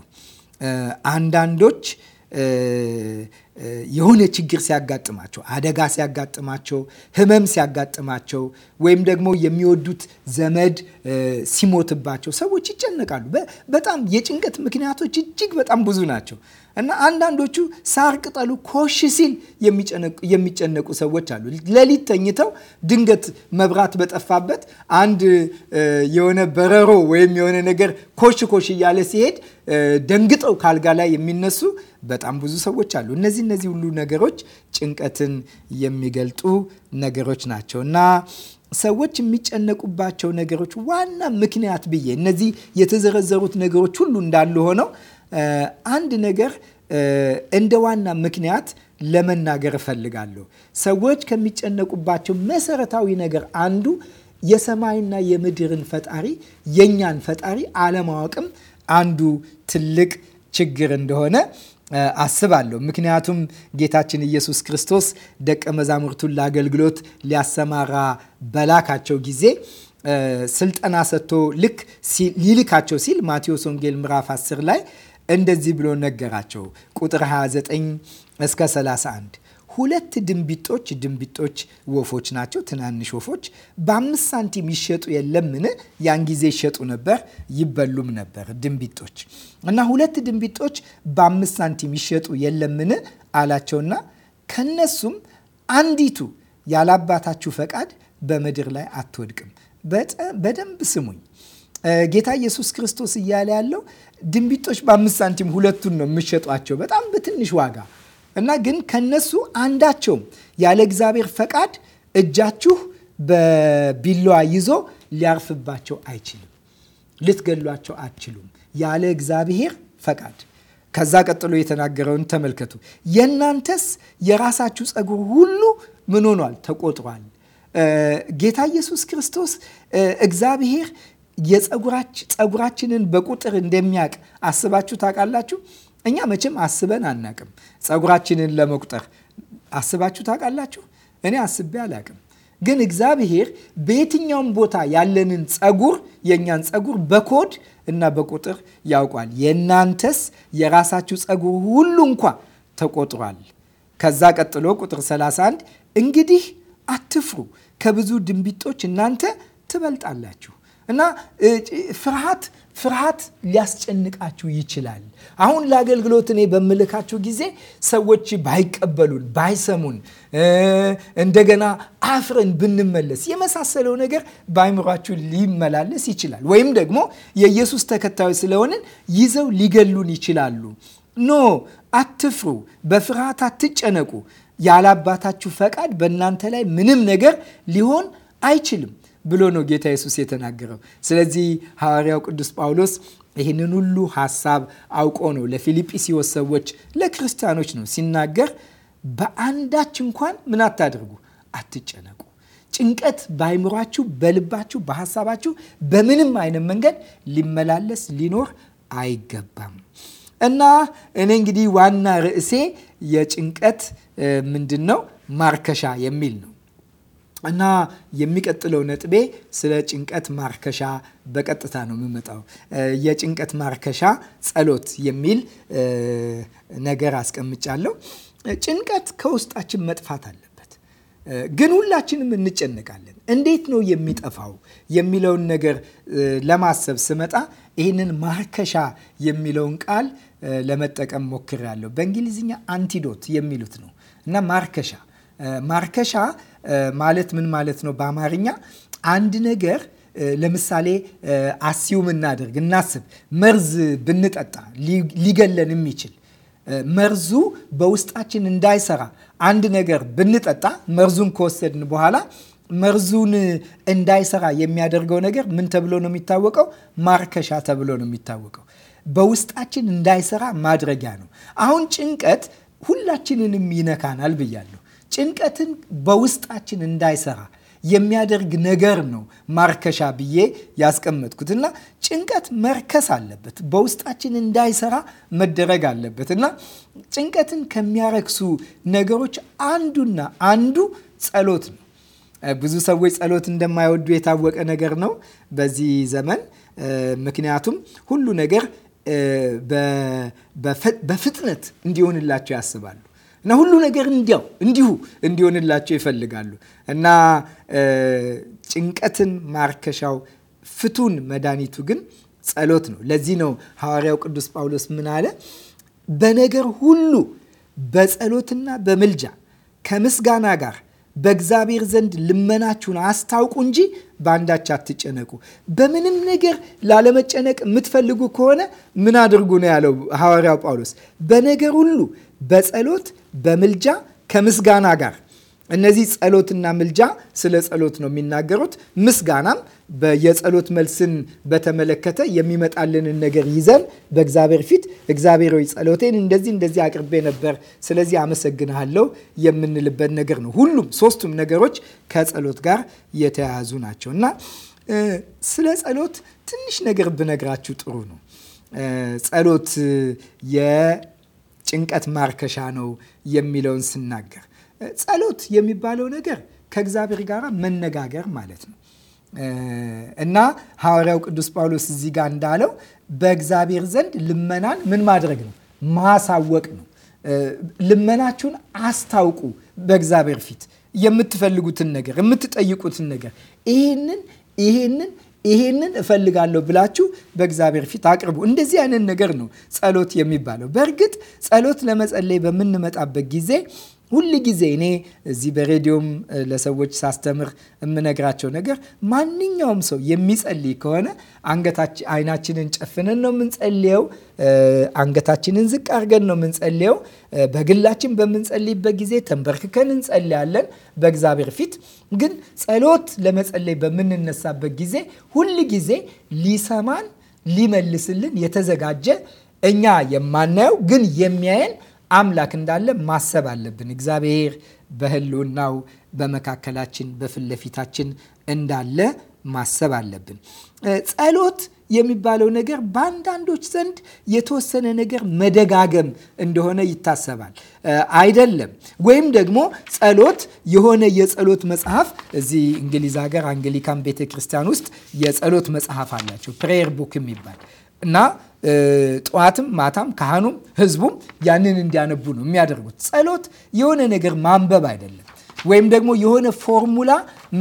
አንዳንዶች የሆነ ችግር ሲያጋጥማቸው፣ አደጋ ሲያጋጥማቸው፣ ህመም ሲያጋጥማቸው ወይም ደግሞ የሚወዱት ዘመድ ሲሞትባቸው ሰዎች ይጨነቃሉ። በጣም የጭንቀት ምክንያቶች እጅግ በጣም ብዙ ናቸው። እና አንዳንዶቹ ሳር ቅጠሉ ኮሽ ሲል የሚጨነቁ ሰዎች አሉ። ሌሊት ተኝተው ድንገት መብራት በጠፋበት አንድ የሆነ በረሮ ወይም የሆነ ነገር ኮሽ ኮሽ እያለ ሲሄድ ደንግጠው ካልጋ ላይ የሚነሱ በጣም ብዙ ሰዎች አሉ። እነዚህ እነዚህ ሁሉ ነገሮች ጭንቀትን የሚገልጡ ነገሮች ናቸው እና ሰዎች የሚጨነቁባቸው ነገሮች ዋና ምክንያት ብዬ እነዚህ የተዘረዘሩት ነገሮች ሁሉ እንዳሉ ሆነው አንድ ነገር እንደ ዋና ምክንያት ለመናገር እፈልጋለሁ። ሰዎች ከሚጨነቁባቸው መሰረታዊ ነገር አንዱ የሰማይና የምድርን ፈጣሪ የእኛን ፈጣሪ አለማወቅም አንዱ ትልቅ ችግር እንደሆነ አስባለሁ። ምክንያቱም ጌታችን ኢየሱስ ክርስቶስ ደቀ መዛሙርቱን ለአገልግሎት ሊያሰማራ በላካቸው ጊዜ ስልጠና ሰጥቶ ልክ ሊልካቸው ሲል ማቴዎስ ወንጌል ምዕራፍ 10 ላይ እንደዚህ ብሎ ነገራቸው። ቁጥር 29 እስከ 31 ሁለት ድንቢጦች ድንቢጦች ወፎች ናቸው፣ ትናንሽ ወፎች በአምስት ሳንቲም ይሸጡ የለምን? ያን ጊዜ ይሸጡ ነበር፣ ይበሉም ነበር ድንቢጦች እና ሁለት ድንቢጦች በአምስት ሳንቲም ይሸጡ የለምን አላቸውና ከነሱም አንዲቱ ያላባታችሁ ፈቃድ በምድር ላይ አትወድቅም። በደንብ ስሙኝ። ጌታ ኢየሱስ ክርስቶስ እያለ ያለው ድንቢጦች በአምስት ሳንቲም ሁለቱን ነው የምሸጧቸው በጣም በትንሽ ዋጋ እና ግን ከነሱ አንዳቸውም ያለ እግዚአብሔር ፈቃድ እጃችሁ በቢላዋ ይዞ ሊያርፍባቸው አይችልም። ልትገሏቸው አትችሉም ያለ እግዚአብሔር ፈቃድ። ከዛ ቀጥሎ የተናገረውን ተመልከቱ። የእናንተስ የራሳችሁ ጸጉር ሁሉ ምን ሆኗል? ተቆጥሯል። ጌታ ኢየሱስ ክርስቶስ እግዚአብሔር የጸጉራችንን በቁጥር እንደሚያውቅ አስባችሁ ታውቃላችሁ? እኛ መቼም አስበን አናቅም። ፀጉራችንን ለመቁጠር አስባችሁ ታውቃላችሁ? እኔ አስቤ አላቅም። ግን እግዚአብሔር በየትኛውም ቦታ ያለንን ፀጉር የእኛን ፀጉር በኮድ እና በቁጥር ያውቋል። የእናንተስ የራሳችሁ ፀጉር ሁሉ እንኳ ተቆጥሯል። ከዛ ቀጥሎ ቁጥር 31 እንግዲህ አትፍሩ፣ ከብዙ ድንቢጦች እናንተ ትበልጣላችሁ እና ፍርሃት ፍርሃት ሊያስጨንቃችሁ ይችላል። አሁን ለአገልግሎት እኔ በምልካችሁ ጊዜ ሰዎች ባይቀበሉን፣ ባይሰሙን፣ እንደገና አፍረን ብንመለስ የመሳሰለው ነገር በአይምሯችሁ ሊመላለስ ይችላል። ወይም ደግሞ የኢየሱስ ተከታዮች ስለሆንን ይዘው ሊገሉን ይችላሉ። ኖ አትፍሩ፣ በፍርሃት አትጨነቁ። ያለ አባታችሁ ፈቃድ በእናንተ ላይ ምንም ነገር ሊሆን አይችልም። ብሎ ነው ጌታ ኢየሱስ የተናገረው። ስለዚህ ሐዋርያው ቅዱስ ጳውሎስ ይህንን ሁሉ ሀሳብ አውቆ ነው ለፊልጵስዎስ ሰዎች ለክርስቲያኖች ነው ሲናገር፣ በአንዳች እንኳን ምን አታድርጉ፣ አትጨነቁ። ጭንቀት በአይምሯችሁ፣ በልባችሁ፣ በሀሳባችሁ በምንም አይነት መንገድ ሊመላለስ ሊኖር አይገባም። እና እኔ እንግዲህ ዋና ርዕሴ የጭንቀት ምንድን ነው ማርከሻ የሚል ነው እና የሚቀጥለው ነጥቤ ስለ ጭንቀት ማርከሻ በቀጥታ ነው የምመጣው። የጭንቀት ማርከሻ ጸሎት የሚል ነገር አስቀምጫለሁ። ጭንቀት ከውስጣችን መጥፋት አለበት። ግን ሁላችንም እንጨነቃለን። እንዴት ነው የሚጠፋው የሚለውን ነገር ለማሰብ ስመጣ ይህንን ማርከሻ የሚለውን ቃል ለመጠቀም ሞክሬያለሁ። በእንግሊዝኛ አንቲዶት የሚሉት ነው እና ማርከሻ ማርከሻ ማለት ምን ማለት ነው? በአማርኛ አንድ ነገር ለምሳሌ አሲዩም እናደርግ እናስብ። መርዝ ብንጠጣ ሊገለን የሚችል መርዙ በውስጣችን እንዳይሰራ አንድ ነገር ብንጠጣ መርዙን ከወሰድን በኋላ መርዙን እንዳይሰራ የሚያደርገው ነገር ምን ተብሎ ነው የሚታወቀው? ማርከሻ ተብሎ ነው የሚታወቀው። በውስጣችን እንዳይሰራ ማድረጊያ ነው። አሁን ጭንቀት ሁላችንንም ይነካናል ብያለሁ። ጭንቀትን በውስጣችን እንዳይሰራ የሚያደርግ ነገር ነው ማርከሻ ብዬ ያስቀመጥኩት እና ጭንቀት መርከስ አለበት፣ በውስጣችን እንዳይሰራ መደረግ አለበት እና ጭንቀትን ከሚያረክሱ ነገሮች አንዱና አንዱ ጸሎት ነው። ብዙ ሰዎች ጸሎት እንደማይወዱ የታወቀ ነገር ነው በዚህ ዘመን። ምክንያቱም ሁሉ ነገር በፍጥነት እንዲሆንላቸው ያስባሉ። እና ሁሉ ነገር እንዲያው እንዲሁ እንዲሆንላቸው ይፈልጋሉ እና ጭንቀትን ማርከሻው ፍቱን መድኃኒቱ ግን ጸሎት ነው። ለዚህ ነው ሐዋርያው ቅዱስ ጳውሎስ ምን አለ? በነገር ሁሉ በጸሎትና በምልጃ ከምስጋና ጋር በእግዚአብሔር ዘንድ ልመናችሁን አስታውቁ እንጂ በአንዳች አትጨነቁ። በምንም ነገር ላለመጨነቅ የምትፈልጉ ከሆነ ምን አድርጉ ነው ያለው ሐዋርያው ጳውሎስ። በነገር ሁሉ በጸሎት በምልጃ ከምስጋና ጋር እነዚህ ጸሎትና ምልጃ ስለ ጸሎት ነው የሚናገሩት። ምስጋናም የጸሎት መልስን በተመለከተ የሚመጣልንን ነገር ይዘን በእግዚአብሔር ፊት እግዚአብሔር ሆይ ጸሎቴን እንደዚህ እንደዚህ አቅርቤ ነበር፣ ስለዚህ አመሰግንሃለሁ የምንልበት ነገር ነው። ሁሉም ሶስቱም ነገሮች ከጸሎት ጋር የተያያዙ ናቸው እና ስለ ጸሎት ትንሽ ነገር ብነግራችሁ ጥሩ ነው። ጸሎት ጭንቀት ማርከሻ ነው የሚለውን ስናገር ጸሎት የሚባለው ነገር ከእግዚአብሔር ጋር መነጋገር ማለት ነው እና ሐዋርያው ቅዱስ ጳውሎስ እዚህ ጋር እንዳለው በእግዚአብሔር ዘንድ ልመናን ምን ማድረግ ነው? ማሳወቅ ነው። ልመናችሁን አስታውቁ በእግዚአብሔር ፊት የምትፈልጉትን ነገር የምትጠይቁትን ነገር ይህንን ይህንን ይሄንን እፈልጋለሁ ብላችሁ በእግዚአብሔር ፊት አቅርቡ። እንደዚህ አይነት ነገር ነው ጸሎት የሚባለው። በእርግጥ ጸሎት ለመጸለይ በምንመጣበት ጊዜ ሁል ጊዜ እኔ እዚህ በሬዲዮም ለሰዎች ሳስተምር የምነግራቸው ነገር ማንኛውም ሰው የሚጸልይ ከሆነ አንገታችን አይናችንን ጨፍነን ነው የምንጸልየው። አንገታችንን ዝቅ አድርገን ነው የምንጸልየው። በግላችን በምንጸልይበት ጊዜ ተንበርክከን እንጸልያለን በእግዚአብሔር ፊት። ግን ጸሎት ለመጸለይ በምንነሳበት ጊዜ ሁል ጊዜ ሊሰማን ሊመልስልን የተዘጋጀ እኛ የማናየው ግን የሚያየን አምላክ እንዳለ ማሰብ አለብን። እግዚአብሔር በህልውናው በመካከላችን በፊት ለፊታችን እንዳለ ማሰብ አለብን። ጸሎት የሚባለው ነገር በአንዳንዶች ዘንድ የተወሰነ ነገር መደጋገም እንደሆነ ይታሰባል። አይደለም። ወይም ደግሞ ጸሎት የሆነ የጸሎት መጽሐፍ እዚህ እንግሊዝ ሀገር አንግሊካን ቤተ ክርስቲያን ውስጥ የጸሎት መጽሐፍ አላቸው ፕሬየር ቡክ የሚባል እና ጠዋትም ማታም ካህኑም ህዝቡም ያንን እንዲያነቡ ነው የሚያደርጉት። ጸሎት የሆነ ነገር ማንበብ አይደለም፣ ወይም ደግሞ የሆነ ፎርሙላ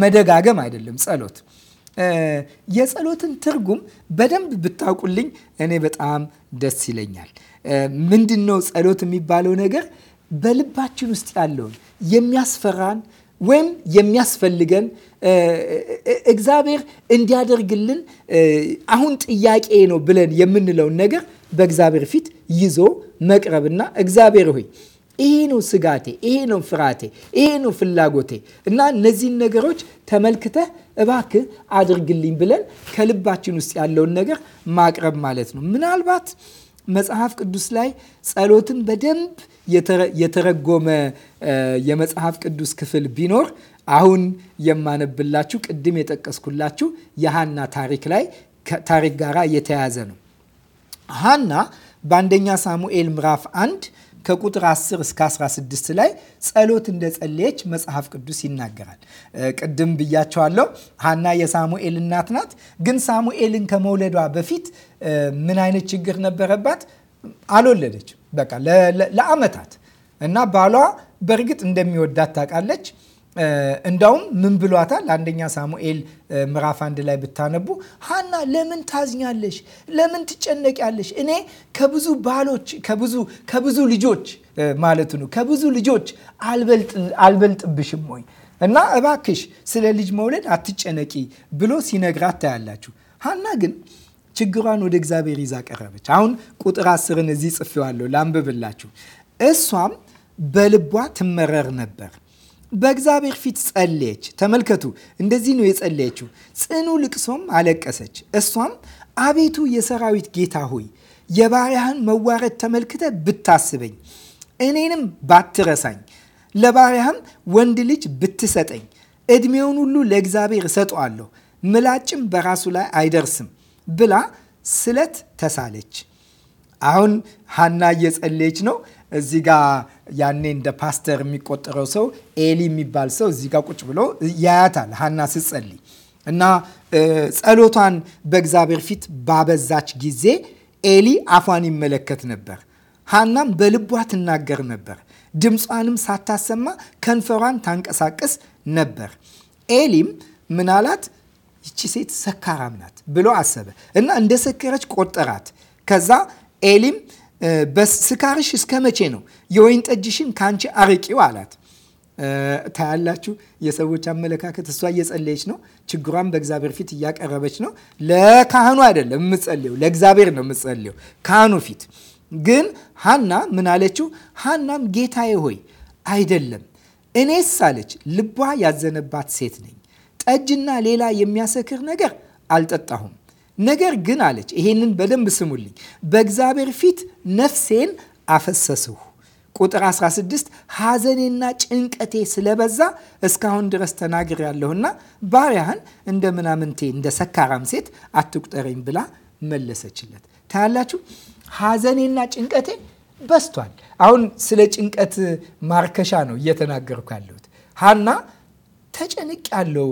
መደጋገም አይደለም። ጸሎት የጸሎትን ትርጉም በደንብ ብታውቁልኝ እኔ በጣም ደስ ይለኛል። ምንድን ነው ጸሎት የሚባለው ነገር? በልባችን ውስጥ ያለውን የሚያስፈራን ወይም የሚያስፈልገን እግዚአብሔር እንዲያደርግልን አሁን ጥያቄ ነው ብለን የምንለውን ነገር በእግዚአብሔር ፊት ይዞ መቅረብና እግዚአብሔር ሆይ ይሄ ነው ስጋቴ፣ ይሄ ነው ፍርሃቴ፣ ይሄ ነው ፍላጎቴ እና እነዚህን ነገሮች ተመልክተህ እባክህ አድርግልኝ ብለን ከልባችን ውስጥ ያለውን ነገር ማቅረብ ማለት ነው። ምናልባት መጽሐፍ ቅዱስ ላይ ጸሎትን በደንብ የተረጎመ የመጽሐፍ ቅዱስ ክፍል ቢኖር አሁን የማነብላችሁ ቅድም የጠቀስኩላችሁ የሃና ታሪክ ላይ ታሪክ ጋር የተያያዘ ነው። ሃና በአንደኛ ሳሙኤል ምዕራፍ 1 ከቁጥር 10 እስከ 16 ላይ ጸሎት እንደ ጸለየች መጽሐፍ ቅዱስ ይናገራል። ቅድም ብያቸዋለሁ። ሀና የሳሙኤል እናት ናት። ግን ሳሙኤልን ከመውለዷ በፊት ምን አይነት ችግር ነበረባት? አልወለደች በቃ ለአመታት እና ባሏ በእርግጥ እንደሚወዳት ታውቃለች። እንዳውም ምን ብሏታል? አንደኛ ሳሙኤል ምዕራፍ አንድ ላይ ብታነቡ ሀና ለምን ታዝኛለሽ? ለምን ትጨነቂያለሽ? እኔ ከብዙ ባሎች ከብዙ ከብዙ ልጆች ማለት ነው ከብዙ ልጆች አልበልጥብሽም ወይ እና እባክሽ ስለ ልጅ መውለድ አትጨነቂ ብሎ ሲነግራት ታያላችሁ። ሀና ግን ችግሯን ወደ እግዚአብሔር ይዛ ቀረበች። አሁን ቁጥር አስርን እዚህ ጽፌዋለሁ ላንብብላችሁ። እሷም በልቧ ትመረር ነበር በእግዚአብሔር ፊት ጸለየች። ተመልከቱ፣ እንደዚህ ነው የጸለየችው። ጽኑ ልቅሶም አለቀሰች። እሷም አቤቱ የሰራዊት ጌታ ሆይ የባሪያህን መዋረድ ተመልክተ ብታስበኝ፣ እኔንም ባትረሳኝ፣ ለባሪያህም ወንድ ልጅ ብትሰጠኝ፣ ዕድሜውን ሁሉ ለእግዚአብሔር እሰጠዋለሁ፣ ምላጭም በራሱ ላይ አይደርስም ብላ ስለት ተሳለች። አሁን ሀና እየጸለየች ነው። እዚ ጋ ያኔ እንደ ፓስተር የሚቆጠረው ሰው ኤሊ የሚባል ሰው እዚ ጋ ቁጭ ብሎ ያያታል ሀና ስትጸልይ እና ጸሎቷን በእግዚአብሔር ፊት ባበዛች ጊዜ ኤሊ አፏን ይመለከት ነበር። ሀናም በልቧ ትናገር ነበር። ድምጿንም ሳታሰማ ከንፈሯን ታንቀሳቀስ ነበር። ኤሊም ምናላት ይቺ ሴት ሰካራም ናት ብሎ አሰበ እና እንደ ሰከረች ቆጠራት። ከዛ ኤሊም ስካርሽ እስከ መቼ ነው? የወይን ጠጅሽን ከአንቺ አርቂው አላት። ታያላችሁ፣ የሰዎች አመለካከት። እሷ እየጸለየች ነው፣ ችግሯን በእግዚአብሔር ፊት እያቀረበች ነው። ለካህኑ አይደለም የምጸልየው፣ ለእግዚአብሔር ነው የምጸልየው ካህኑ ፊት። ግን ሀና ምን አለችው? ሀናም ጌታዬ ሆይ አይደለም፣ እኔስ አለች፣ ልቧ ያዘነባት ሴት ነኝ። ጠጅና ሌላ የሚያሰክር ነገር አልጠጣሁም። ነገር ግን አለች፣ ይሄንን በደንብ ስሙልኝ፣ በእግዚአብሔር ፊት ነፍሴን አፈሰስሁ። ቁጥር 16 ሐዘኔና ጭንቀቴ ስለበዛ እስካሁን ድረስ ተናግር ያለሁና ባሪያህን እንደ ምናምንቴ እንደ ሰካራም ሴት አትቁጠረኝ ብላ መለሰችለት። ታያላችሁ፣ ሐዘኔና ጭንቀቴ በስቷል። አሁን ስለ ጭንቀት ማርከሻ ነው እየተናገርኩ ያለሁት። ሀና ተጨንቅ ያለው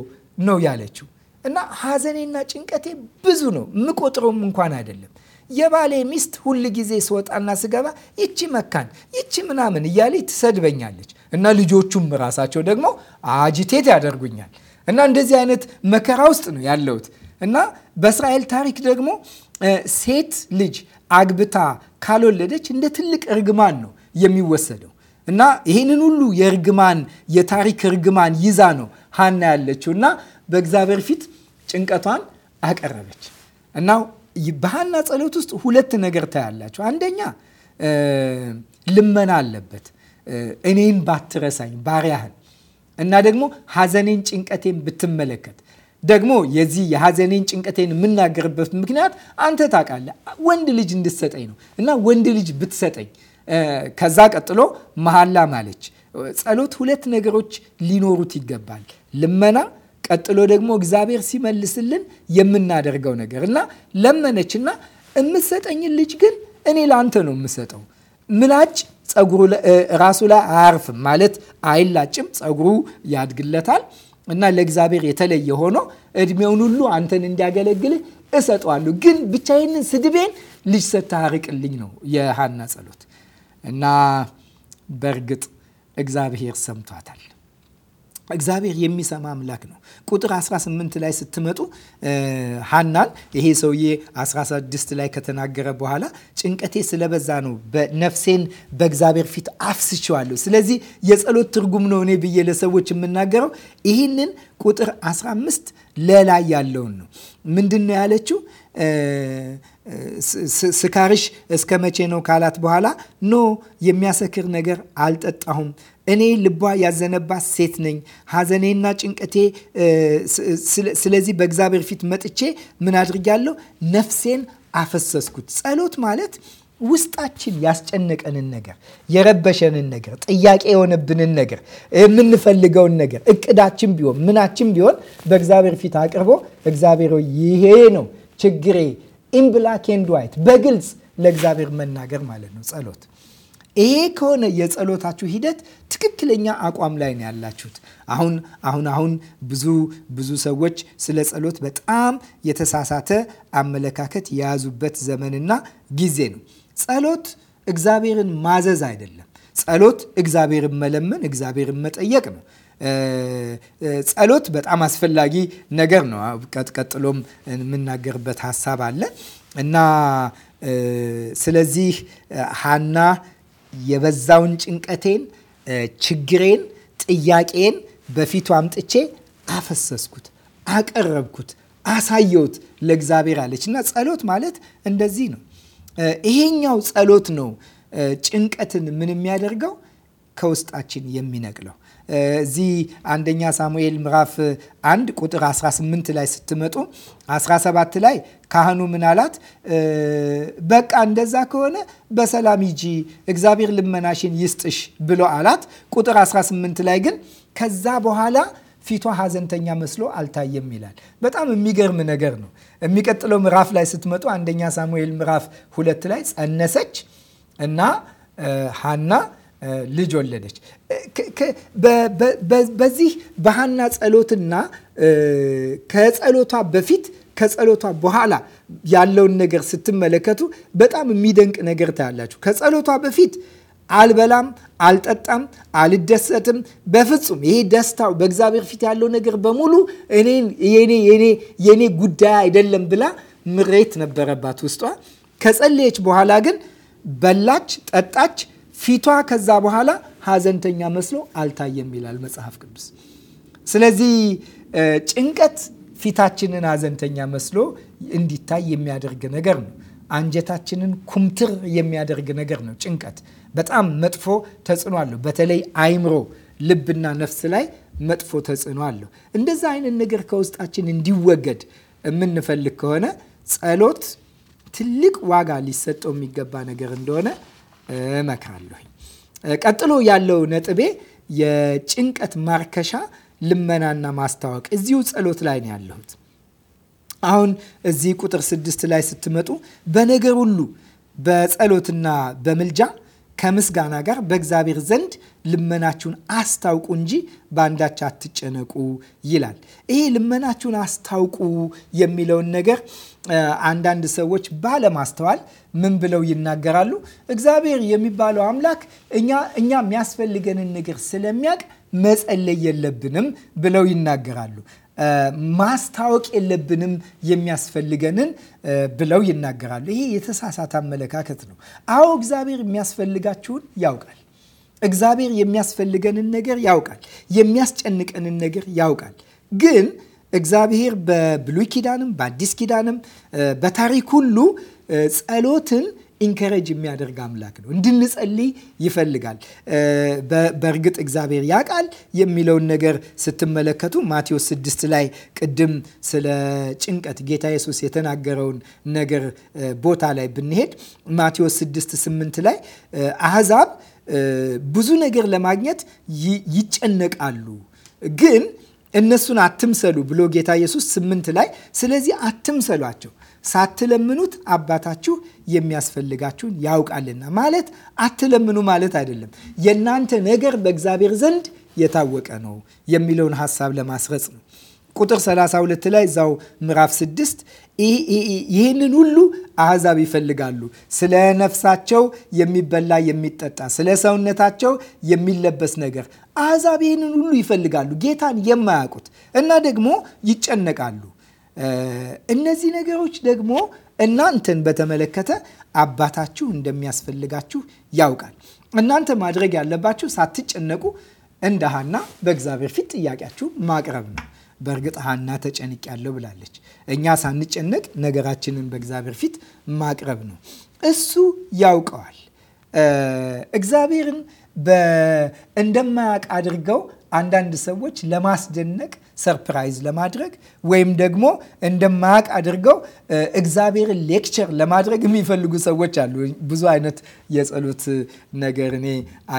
ነው ያለችው እና ሐዘኔና ጭንቀቴ ብዙ ነው፣ ምቆጥረውም እንኳን አይደለም የባሌ ሚስት ሁል ጊዜ ስወጣና ስገባ ይቺ መካን ይቺ ምናምን እያለች ትሰድበኛለች እና ልጆቹም ራሳቸው ደግሞ አጅቴት ያደርጉኛል እና እንደዚህ አይነት መከራ ውስጥ ነው ያለሁት እና በእስራኤል ታሪክ ደግሞ ሴት ልጅ አግብታ ካልወለደች እንደ ትልቅ እርግማን ነው የሚወሰደው እና ይህንን ሁሉ የእርግማን የታሪክ እርግማን ይዛ ነው ሀና ያለችው እና በእግዚአብሔር ፊት ጭንቀቷን አቀረበች እና ባህና ጸሎት ውስጥ ሁለት ነገር ታያላችሁ። አንደኛ ልመና አለበት። እኔን ባትረሳኝ ባሪያህን እና ደግሞ ሀዘኔን ጭንቀቴን ብትመለከት ደግሞ የዚህ የሀዘኔን ጭንቀቴን የምናገርበት ምክንያት አንተ ታውቃለህ፣ ወንድ ልጅ እንድትሰጠኝ ነው እና ወንድ ልጅ ብትሰጠኝ። ከዛ ቀጥሎ መሀላ ማለች። ጸሎት ሁለት ነገሮች ሊኖሩት ይገባል፣ ልመና ቀጥሎ ደግሞ እግዚአብሔር ሲመልስልን የምናደርገው ነገር እና ለመነች እና የምትሰጠኝን ልጅ ግን እኔ ለአንተ ነው የምሰጠው። ምላጭ ራሱ ላይ አያርፍም ማለት አይላጭም፣ ፀጉሩ ያድግለታል እና ለእግዚአብሔር የተለየ ሆኖ እድሜውን ሁሉ አንተን እንዲያገለግልህ እሰጠዋለሁ። ግን ብቻዬን ስድቤን ልጅ ሰጥተህ አርቅልኝ ነው የሀና ጸሎት እና በእርግጥ እግዚአብሔር ሰምቷታል። እግዚአብሔር የሚሰማ አምላክ ነው። ቁጥር 18 ላይ ስትመጡ ሀናን ይሄ ሰውዬ 16 ላይ ከተናገረ በኋላ ጭንቀቴ ስለበዛ ነው ነፍሴን በእግዚአብሔር ፊት አፍስቸዋለሁ። ስለዚህ የጸሎት ትርጉም ነው እኔ ብዬ ለሰዎች የምናገረው ይህንን ቁጥር 15 ለላይ ያለውን ነው። ምንድን ነው ያለችው? ስካርሽ እስከ መቼ ነው ካላት በኋላ ኖ የሚያሰክር ነገር አልጠጣሁም እኔ ልቧ ያዘነባት ሴት ነኝ። ሐዘኔና ጭንቀቴ ስለዚህ በእግዚአብሔር ፊት መጥቼ ምን አድርጊያለሁ? ነፍሴን አፈሰስኩት። ጸሎት ማለት ውስጣችን ያስጨነቀንን ነገር፣ የረበሸንን ነገር፣ ጥያቄ የሆነብንን ነገር፣ የምንፈልገውን ነገር እቅዳችን ቢሆን ምናችን ቢሆን በእግዚአብሔር ፊት አቅርቦ እግዚአብሔር ይሄ ነው ችግሬ ኢን ብላክ ኤንድ ዋይት በግልጽ ለእግዚአብሔር መናገር ማለት ነው ጸሎት። ይሄ ከሆነ የጸሎታችሁ ሂደት ትክክለኛ አቋም ላይ ነው ያላችሁት። አሁን አሁን አሁን ብዙ ብዙ ሰዎች ስለ ጸሎት በጣም የተሳሳተ አመለካከት የያዙበት ዘመንና ጊዜ ነው። ጸሎት እግዚአብሔርን ማዘዝ አይደለም። ጸሎት እግዚአብሔርን መለመን፣ እግዚአብሔርን መጠየቅ ነው። ጸሎት በጣም አስፈላጊ ነገር ነው። ቀጥሎም የምናገርበት ሀሳብ አለ እና ስለዚህ ሀና የበዛውን ጭንቀቴን፣ ችግሬን፣ ጥያቄን በፊቱ አምጥቼ አፈሰስኩት፣ አቀረብኩት፣ አሳየሁት ለእግዚአብሔር አለች እና ጸሎት ማለት እንደዚህ ነው። ይሄኛው ጸሎት ነው ጭንቀትን ምን የሚያደርገው ከውስጣችን የሚነቅለው እዚህ አንደኛ ሳሙኤል ምዕራፍ 1 ቁጥር 18 ላይ ስትመጡ 17 ላይ ካህኑ ምን አላት? በቃ እንደዛ ከሆነ በሰላም ሂጂ፣ እግዚአብሔር ልመናሽን ይስጥሽ ብሎ አላት። ቁጥር 18 ላይ ግን ከዛ በኋላ ፊቷ ሀዘንተኛ መስሎ አልታየም ይላል። በጣም የሚገርም ነገር ነው። የሚቀጥለው ምዕራፍ ላይ ስትመጡ አንደኛ ሳሙኤል ምዕራፍ ሁለት ላይ ጸነሰች እና ሀና ልጅ ወለደች። በዚህ በሐና ጸሎትና ከጸሎቷ በፊት ከጸሎቷ በኋላ ያለውን ነገር ስትመለከቱ በጣም የሚደንቅ ነገር ታያላችሁ። ከጸሎቷ በፊት አልበላም፣ አልጠጣም፣ አልደሰትም በፍጹም ይሄ ደስታው በእግዚአብሔር ፊት ያለው ነገር በሙሉ እኔ የኔ ጉዳይ አይደለም ብላ ምሬት ነበረባት ውስጧ። ከጸለየች በኋላ ግን በላች፣ ጠጣች ፊቷ ከዛ በኋላ ሀዘንተኛ መስሎ አልታየም ይላል መጽሐፍ ቅዱስ። ስለዚህ ጭንቀት ፊታችንን ሀዘንተኛ መስሎ እንዲታይ የሚያደርግ ነገር ነው። አንጀታችንን ኩምትር የሚያደርግ ነገር ነው። ጭንቀት በጣም መጥፎ ተጽዕኖ አለው። በተለይ አይምሮ፣ ልብና ነፍስ ላይ መጥፎ ተጽዕኖ አለው። እንደዛ አይነት ነገር ከውስጣችን እንዲወገድ የምንፈልግ ከሆነ ጸሎት ትልቅ ዋጋ ሊሰጠው የሚገባ ነገር እንደሆነ እመክራለሁኝ። ቀጥሎ ያለው ነጥቤ የጭንቀት ማርከሻ ልመናና ማስታወቅ እዚሁ ጸሎት ላይ ነው ያለሁት። አሁን እዚህ ቁጥር ስድስት ላይ ስትመጡ በነገር ሁሉ በጸሎትና በምልጃ ከምስጋና ጋር በእግዚአብሔር ዘንድ ልመናችሁን አስታውቁ እንጂ በአንዳች አትጨነቁ ይላል። ይሄ ልመናችሁን አስታውቁ የሚለውን ነገር አንዳንድ ሰዎች ባለማስተዋል ምን ብለው ይናገራሉ? እግዚአብሔር የሚባለው አምላክ እኛ እኛ የሚያስፈልገንን ነገር ስለሚያውቅ መጸለይ የለብንም ብለው ይናገራሉ። ማስታወቅ የለብንም የሚያስፈልገንን ብለው ይናገራሉ። ይሄ የተሳሳተ አመለካከት ነው። አዎ እግዚአብሔር የሚያስፈልጋችሁን ያውቃል። እግዚአብሔር የሚያስፈልገንን ነገር ያውቃል። የሚያስጨንቀንን ነገር ያውቃል። ግን እግዚአብሔር በብሉይ ኪዳንም በአዲስ ኪዳንም በታሪክ ሁሉ ጸሎትን ኢንከሬጅ የሚያደርግ አምላክ ነው። እንድንጸልይ ይፈልጋል። በእርግጥ እግዚአብሔር ያውቃል የሚለውን ነገር ስትመለከቱ ማቴዎስ 6 ላይ ቅድም ስለ ጭንቀት ጌታ ኢየሱስ የተናገረውን ነገር ቦታ ላይ ብንሄድ ማቴዎስ 6 8 ላይ አህዛብ ብዙ ነገር ለማግኘት ይጨነቃሉ ግን እነሱን አትምሰሉ ብሎ ጌታ ኢየሱስ ስምንት ላይ ስለዚህ አትምሰሏቸው ሳትለምኑት አባታችሁ የሚያስፈልጋችሁን ያውቃልና ማለት አትለምኑ ማለት አይደለም። የእናንተ ነገር በእግዚአብሔር ዘንድ የታወቀ ነው የሚለውን ሀሳብ ለማስረጽ ነው። ቁጥር 32 ላይ እዛው ምዕራፍ 6 ይህንን ሁሉ አህዛብ ይፈልጋሉ። ስለ ነፍሳቸው የሚበላ የሚጠጣ፣ ስለ ሰውነታቸው የሚለበስ ነገር አህዛብ ይህንን ሁሉ ይፈልጋሉ። ጌታን የማያውቁት እና ደግሞ ይጨነቃሉ እነዚህ ነገሮች ደግሞ እናንተን በተመለከተ አባታችሁ እንደሚያስፈልጋችሁ ያውቃል። እናንተ ማድረግ ያለባችሁ ሳትጨነቁ እንደ ሀና በእግዚአብሔር ፊት ጥያቄያችሁ ማቅረብ ነው። በእርግጥ ሀና ተጨንቅ ያለው ብላለች። እኛ ሳንጨነቅ ነገራችንን በእግዚአብሔር ፊት ማቅረብ ነው። እሱ ያውቀዋል እግዚአብሔርን እንደማያውቅ አድርገው አንዳንድ ሰዎች ለማስደነቅ ሰርፕራይዝ ለማድረግ ወይም ደግሞ እንደማያውቅ አድርገው እግዚአብሔር ሌክቸር ለማድረግ የሚፈልጉ ሰዎች አሉ። ብዙ አይነት የጸሎት ነገር እኔ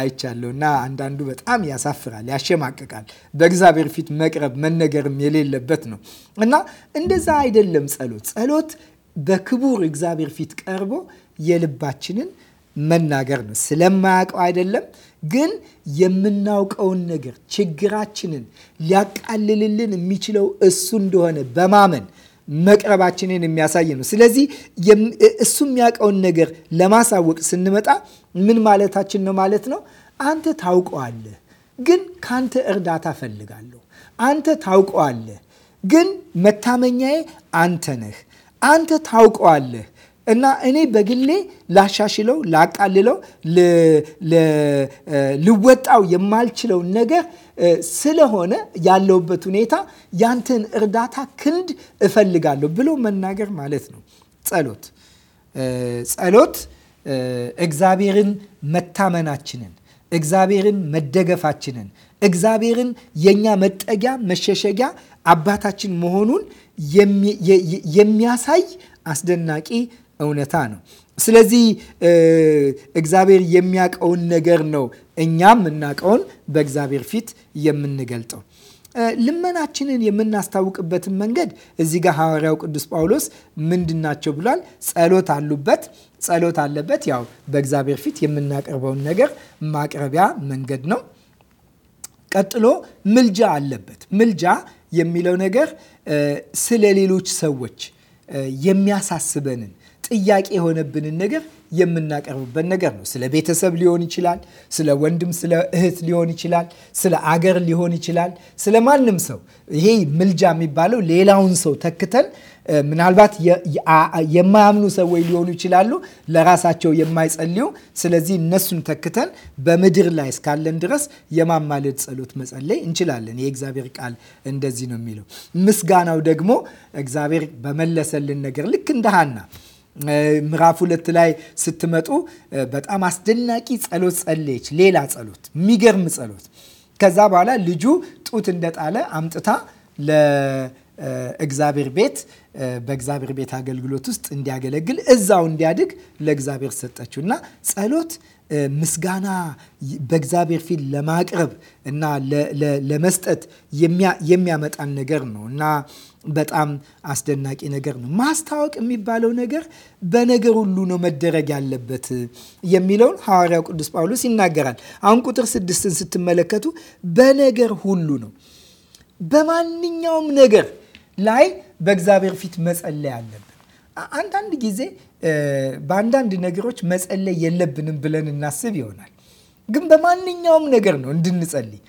አይቻለሁ እና አንዳንዱ በጣም ያሳፍራል፣ ያሸማቅቃል። በእግዚአብሔር ፊት መቅረብ መነገርም የሌለበት ነው እና እንደዛ አይደለም ጸሎት ጸሎት በክቡር እግዚአብሔር ፊት ቀርቦ የልባችንን መናገር ነው። ስለማያውቀው አይደለም፣ ግን የምናውቀውን ነገር ችግራችንን ሊያቃልልልን የሚችለው እሱ እንደሆነ በማመን መቅረባችንን የሚያሳይ ነው። ስለዚህ እሱ የሚያውቀውን ነገር ለማሳወቅ ስንመጣ ምን ማለታችን ነው ማለት ነው? አንተ ታውቀዋለህ፣ ግን ካንተ እርዳታ ፈልጋለሁ። አንተ ታውቀዋለህ፣ ግን መታመኛዬ አንተ ነህ። አንተ ታውቀዋለህ እና እኔ በግሌ ላሻሽለው፣ ላቃልለው፣ ልወጣው የማልችለውን ነገር ስለሆነ ያለውበት ሁኔታ ያንተን እርዳታ ክንድ እፈልጋለሁ ብሎ መናገር ማለት ነው። ጸሎት ጸሎት እግዚአብሔርን መታመናችንን እግዚአብሔርን መደገፋችንን እግዚአብሔርን የእኛ መጠጊያ መሸሸጊያ አባታችን መሆኑን የሚያሳይ አስደናቂ እውነታ ነው። ስለዚህ እግዚአብሔር የሚያውቀውን ነገር ነው እኛም የምናቀውን በእግዚአብሔር ፊት የምንገልጠው። ልመናችንን የምናስታውቅበትን መንገድ እዚህ ጋር ሐዋርያው ቅዱስ ጳውሎስ ምንድን ናቸው ብሏል? ጸሎት አሉበት ጸሎት አለበት። ያው በእግዚአብሔር ፊት የምናቀርበውን ነገር ማቅረቢያ መንገድ ነው። ቀጥሎ ምልጃ አለበት። ምልጃ የሚለው ነገር ስለ ሌሎች ሰዎች የሚያሳስበንን ጥያቄ የሆነብንን ነገር የምናቀርብበት ነገር ነው። ስለ ቤተሰብ ሊሆን ይችላል፣ ስለ ወንድም ስለ እህት ሊሆን ይችላል፣ ስለ አገር ሊሆን ይችላል፣ ስለ ማንም ሰው ይሄ ምልጃ የሚባለው ሌላውን ሰው ተክተን ምናልባት የማያምኑ ሰዎች ሊሆኑ ይችላሉ፣ ለራሳቸው የማይጸልዩ ስለዚህ እነሱን ተክተን በምድር ላይ እስካለን ድረስ የማማለድ ጸሎት መጸለይ እንችላለን። የእግዚአብሔር ቃል እንደዚህ ነው የሚለው። ምስጋናው ደግሞ እግዚአብሔር በመለሰልን ነገር ልክ እንደ ሀና ምዕራፍ ሁለት ላይ ስትመጡ በጣም አስደናቂ ጸሎት ጸለየች። ሌላ ጸሎት፣ የሚገርም ጸሎት። ከዛ በኋላ ልጁ ጡት እንደጣለ አምጥታ ለእግዚአብሔር ቤት በእግዚአብሔር ቤት አገልግሎት ውስጥ እንዲያገለግል እዛው እንዲያድግ ለእግዚአብሔር ሰጠችው እና ጸሎት ምስጋና በእግዚአብሔር ፊት ለማቅረብ እና ለመስጠት የሚያመጣን ነገር ነው እና በጣም አስደናቂ ነገር ነው። ማስታወቅ የሚባለው ነገር በነገር ሁሉ ነው መደረግ ያለበት የሚለውን ሐዋርያው ቅዱስ ጳውሎስ ይናገራል። አሁን ቁጥር ስድስትን ስትመለከቱ በነገር ሁሉ ነው፣ በማንኛውም ነገር ላይ በእግዚአብሔር ፊት መጸለይ አለብን። አንዳንድ ጊዜ በአንዳንድ ነገሮች መጸለይ የለብንም ብለን እናስብ ይሆናል። ግን በማንኛውም ነገር ነው እንድንጸልይ።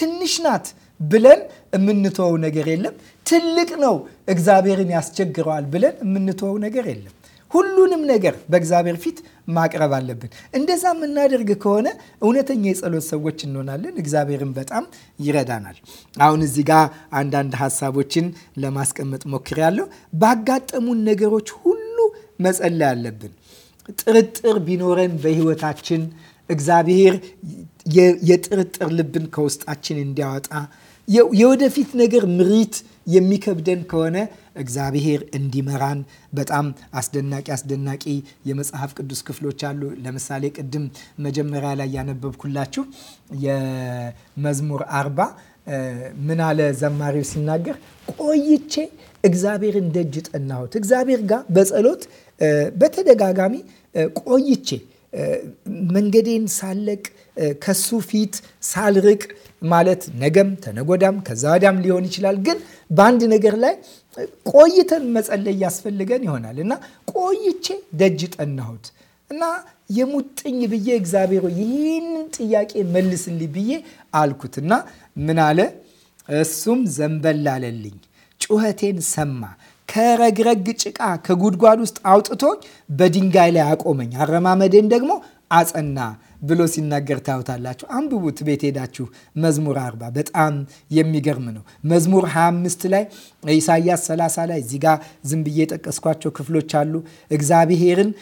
ትንሽ ናት ብለን የምንተወው ነገር የለም። ትልቅ ነው እግዚአብሔርን ያስቸግረዋል ብለን የምንተወው ነገር የለም። ሁሉንም ነገር በእግዚአብሔር ፊት ማቅረብ አለብን። እንደዛ የምናደርግ ከሆነ እውነተኛ የጸሎት ሰዎች እንሆናለን። እግዚአብሔርን በጣም ይረዳናል። አሁን እዚህ ጋር አንዳንድ ሀሳቦችን ለማስቀመጥ ሞክር ያለው ባጋጠሙን ነገሮች ሁሉ መጸለይ አለብን። ጥርጥር ቢኖረን በህይወታችን እግዚአብሔር የጥርጥር ልብን ከውስጣችን እንዲያወጣ የወደፊት ነገር ምሪት የሚከብደን ከሆነ እግዚአብሔር እንዲመራን በጣም አስደናቂ አስደናቂ የመጽሐፍ ቅዱስ ክፍሎች አሉ። ለምሳሌ ቅድም መጀመሪያ ላይ ያነበብኩላችሁ የመዝሙር አርባ ምን አለ ዘማሪው ሲናገር ቆይቼ እግዚአብሔር ደጅ ጠናሁት። እግዚአብሔር ጋር በጸሎት በተደጋጋሚ ቆይቼ መንገዴን ሳለቅ ከሱ ፊት ሳልርቅ ማለት ነገም ተነጎዳም ከዛዳም ሊሆን ይችላል። ግን በአንድ ነገር ላይ ቆይተን መጸለይ ያስፈልገን ይሆናል እና ቆይቼ ደጅ ጠናሁት እና የሙጥኝ ብዬ እግዚአብሔር ይህንን ጥያቄ መልስልኝ ብዬ አልኩት እና ምን አለ? እሱም ዘንበል አለልኝ፣ ጩኸቴን ሰማ ከረግረግ ጭቃ ከጉድጓድ ውስጥ አውጥቶኝ በድንጋይ ላይ አቆመኝ፣ አረማመዴን ደግሞ አጸና ብሎ ሲናገር ታዩታላችሁ። አንብቡት ቤት ሄዳችሁ መዝሙር አርባ በጣም የሚገርም ነው። መዝሙር 25 ላይ ኢሳያስ 30 ላይ እዚህ ጋ ዝም ብዬ የጠቀስኳቸው ክፍሎች አሉ። እግዚአብሔርን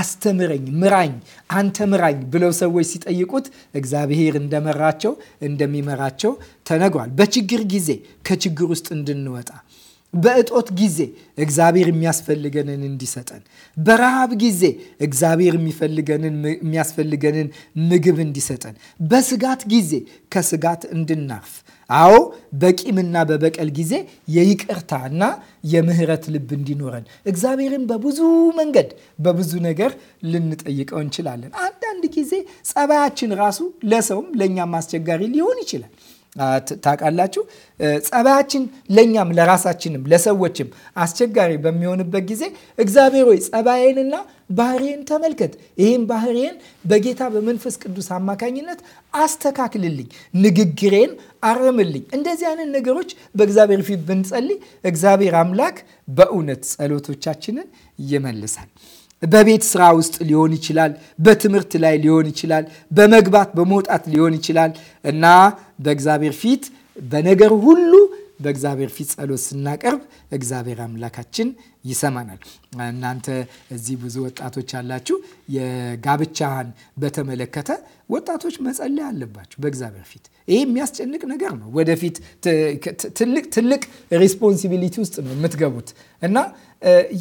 አስተምረኝ፣ ምራኝ፣ አንተ ምራኝ ብለው ሰዎች ሲጠይቁት እግዚአብሔር እንደመራቸው እንደሚመራቸው ተነግሯል። በችግር ጊዜ ከችግር ውስጥ እንድንወጣ በእጦት ጊዜ እግዚአብሔር የሚያስፈልገንን እንዲሰጠን፣ በረሃብ ጊዜ እግዚአብሔር የሚያስፈልገንን ምግብ እንዲሰጠን፣ በስጋት ጊዜ ከስጋት እንድናርፍ፣ አዎ በቂምና በበቀል ጊዜ እና የምህረት ልብ እንዲኖረን እግዚአብሔርን በብዙ መንገድ በብዙ ነገር ልንጠይቀው እንችላለን። አንዳንድ ጊዜ ጸባያችን ራሱ ለሰውም ለእኛም አስቸጋሪ ሊሆን ይችላል። ታውቃላችሁ። ጸባያችን ለእኛም ለራሳችንም ለሰዎችም አስቸጋሪ በሚሆንበት ጊዜ እግዚአብሔር ሆይ ጸባዬንና ባህሬን ተመልከት፣ ይህም ባህሬን በጌታ በመንፈስ ቅዱስ አማካኝነት አስተካክልልኝ፣ ንግግሬን አርምልኝ። እንደዚህ አይነት ነገሮች በእግዚአብሔር ፊት ብንጸልይ እግዚአብሔር አምላክ በእውነት ጸሎቶቻችንን ይመልሳል። በቤት ስራ ውስጥ ሊሆን ይችላል። በትምህርት ላይ ሊሆን ይችላል። በመግባት በመውጣት ሊሆን ይችላል እና በእግዚአብሔር ፊት በነገር ሁሉ በእግዚአብሔር ፊት ጸሎት ስናቀርብ እግዚአብሔር አምላካችን ይሰማናል። እናንተ እዚህ ብዙ ወጣቶች ያላችሁ የጋብቻህን በተመለከተ ወጣቶች መጸለይ አለባችሁ በእግዚአብሔር ፊት። ይህ የሚያስጨንቅ ነገር ነው። ወደፊት ትልቅ ትልቅ ሪስፖንሲቢሊቲ ውስጥ ነው የምትገቡት እና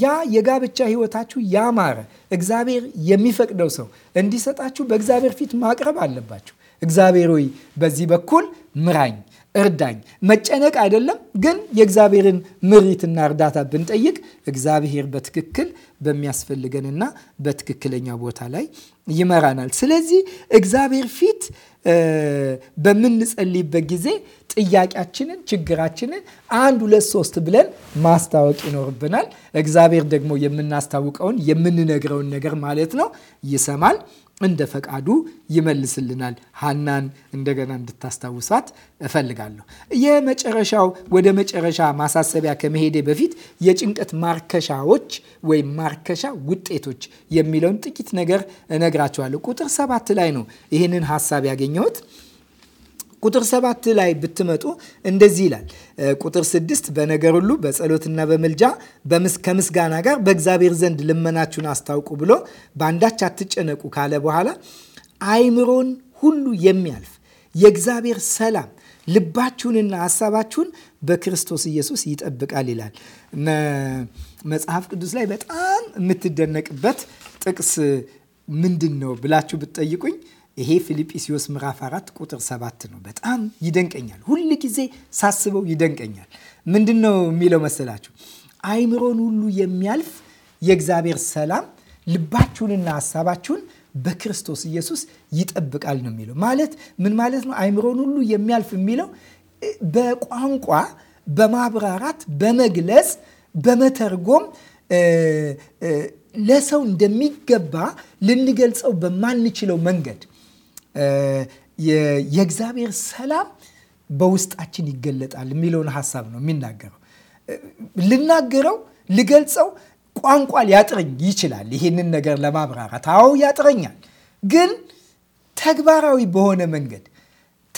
ያ የጋብቻ ህይወታችሁ ያማረ እግዚአብሔር የሚፈቅደው ሰው እንዲሰጣችሁ በእግዚአብሔር ፊት ማቅረብ አለባችሁ። እግዚአብሔር ሆይ በዚህ በኩል ምራኝ፣ እርዳኝ። መጨነቅ አይደለም ግን የእግዚአብሔርን ምሪትና እርዳታ ብንጠይቅ እግዚአብሔር በትክክል በሚያስፈልገንና በትክክለኛ ቦታ ላይ ይመራናል። ስለዚህ እግዚአብሔር ፊት በምንጸልይበት ጊዜ ጥያቄያችንን፣ ችግራችንን አንድ ሁለት ሶስት ብለን ማስታወቅ ይኖርብናል። እግዚአብሔር ደግሞ የምናስታውቀውን የምንነግረውን ነገር ማለት ነው ይሰማል። እንደ ፈቃዱ ይመልስልናል። ሀናን እንደገና እንድታስታውሳት እፈልጋለሁ። የመጨረሻው ወደ መጨረሻ ማሳሰቢያ ከመሄዴ በፊት የጭንቀት ማርከሻዎች ወይም ማርከሻ ውጤቶች የሚለውን ጥቂት ነገር እነግራቸዋለሁ። ቁጥር ሰባት ላይ ነው ይህንን ሀሳብ ያገኘሁት። ቁጥር ሰባት ላይ ብትመጡ እንደዚህ ይላል። ቁጥር ስድስት በነገር ሁሉ በጸሎትና በምልጃ ከምስጋና ጋር በእግዚአብሔር ዘንድ ልመናችሁን አስታውቁ ብሎ በአንዳች አትጨነቁ ካለ በኋላ አይምሮን ሁሉ የሚያልፍ የእግዚአብሔር ሰላም ልባችሁንና ሀሳባችሁን በክርስቶስ ኢየሱስ ይጠብቃል ይላል። መጽሐፍ ቅዱስ ላይ በጣም የምትደነቅበት ጥቅስ ምንድን ነው ብላችሁ ብትጠይቁኝ ይሄ ፊልጵስዩስ ምዕራፍ 4 ቁጥር 7 ነው። በጣም ይደንቀኛል። ሁል ጊዜ ሳስበው ይደንቀኛል። ምንድን ነው የሚለው መሰላችሁ? አይምሮን ሁሉ የሚያልፍ የእግዚአብሔር ሰላም ልባችሁንና ሀሳባችሁን በክርስቶስ ኢየሱስ ይጠብቃል ነው የሚለው። ማለት ምን ማለት ነው? አይምሮን ሁሉ የሚያልፍ የሚለው በቋንቋ በማብራራት በመግለጽ በመተርጎም ለሰው እንደሚገባ ልንገልጸው በማንችለው መንገድ የእግዚአብሔር ሰላም በውስጣችን ይገለጣል የሚለውን ሀሳብ ነው የሚናገረው። ልናገረው ልገልጸው ቋንቋ ሊያጥረኝ ይችላል። ይሄንን ነገር ለማብራራት አዎ ያጥረኛል። ግን ተግባራዊ በሆነ መንገድ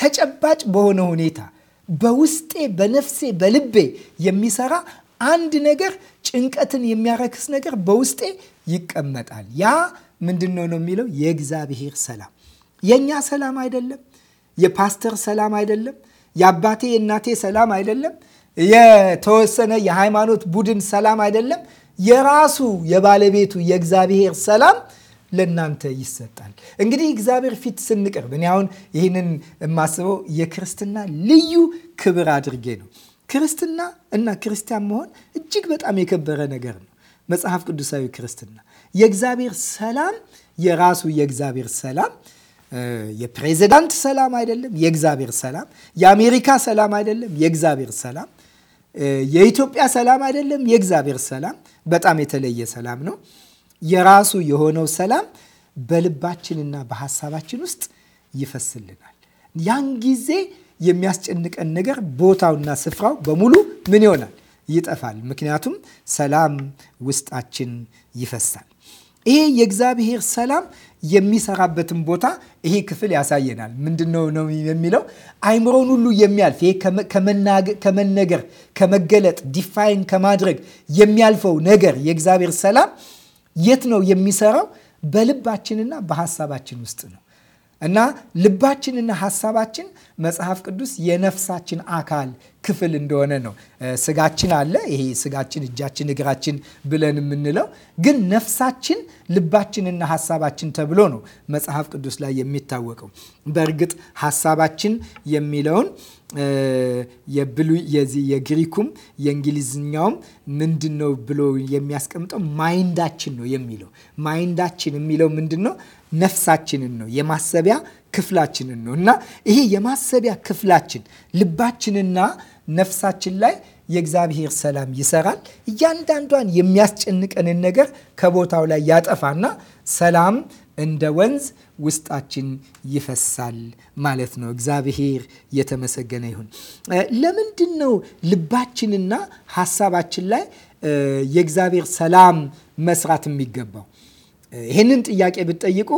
ተጨባጭ በሆነ ሁኔታ በውስጤ በነፍሴ በልቤ የሚሰራ አንድ ነገር ጭንቀትን የሚያረክስ ነገር በውስጤ ይቀመጣል። ያ ምንድን ነው ነው የሚለው የእግዚአብሔር ሰላም የእኛ ሰላም አይደለም፣ የፓስተር ሰላም አይደለም፣ የአባቴ የእናቴ ሰላም አይደለም፣ የተወሰነ የሃይማኖት ቡድን ሰላም አይደለም። የራሱ የባለቤቱ የእግዚአብሔር ሰላም ለእናንተ ይሰጣል። እንግዲህ እግዚአብሔር ፊት ስንቀርብ እኔ አሁን ይህንን የማስበው የክርስትና ልዩ ክብር አድርጌ ነው። ክርስትና እና ክርስቲያን መሆን እጅግ በጣም የከበረ ነገር ነው። መጽሐፍ ቅዱሳዊ ክርስትና የእግዚአብሔር ሰላም የራሱ የእግዚአብሔር ሰላም የፕሬዚዳንት ሰላም አይደለም፣ የእግዚአብሔር ሰላም። የአሜሪካ ሰላም አይደለም፣ የእግዚአብሔር ሰላም። የኢትዮጵያ ሰላም አይደለም፣ የእግዚአብሔር ሰላም። በጣም የተለየ ሰላም ነው። የራሱ የሆነው ሰላም በልባችንና በሀሳባችን ውስጥ ይፈስልናል። ያን ጊዜ የሚያስጨንቀን ነገር ቦታውና ስፍራው በሙሉ ምን ይሆናል? ይጠፋል። ምክንያቱም ሰላም ውስጣችን ይፈሳል። ይሄ የእግዚአብሔር ሰላም የሚሰራበትን ቦታ ይሄ ክፍል ያሳየናል። ምንድን ነው ነው የሚለው አይምሮን ሁሉ የሚያልፍ ይሄ ከመነገር ከመገለጥ ዲፋይን ከማድረግ የሚያልፈው ነገር የእግዚአብሔር ሰላም የት ነው የሚሰራው? በልባችንና በሀሳባችን ውስጥ ነው። እና ልባችንና ሀሳባችን መጽሐፍ ቅዱስ የነፍሳችን አካል ክፍል እንደሆነ ነው። ስጋችን አለ፣ ይሄ ስጋችን፣ እጃችን፣ እግራችን ብለን የምንለው ግን ነፍሳችን፣ ልባችንና ሀሳባችን ተብሎ ነው መጽሐፍ ቅዱስ ላይ የሚታወቀው። በእርግጥ ሀሳባችን የሚለውን የብሉይ የዚህ የግሪኩም የእንግሊዝኛውም ምንድን ነው ብሎ የሚያስቀምጠው ማይንዳችን ነው የሚለው። ማይንዳችን የሚለው ምንድን ነው? ነፍሳችንን ነው የማሰቢያ ክፍላችንን ነው እና ይሄ የማሰቢያ ክፍላችን ልባችንና ነፍሳችን ላይ የእግዚአብሔር ሰላም ይሰራል። እያንዳንዷን የሚያስጨንቀንን ነገር ከቦታው ላይ ያጠፋና ሰላም እንደ ወንዝ ውስጣችን ይፈሳል ማለት ነው። እግዚአብሔር የተመሰገነ ይሁን። ለምንድን ነው ልባችንና ሀሳባችን ላይ የእግዚአብሔር ሰላም መስራት የሚገባው? ይህንን ጥያቄ ብትጠይቁ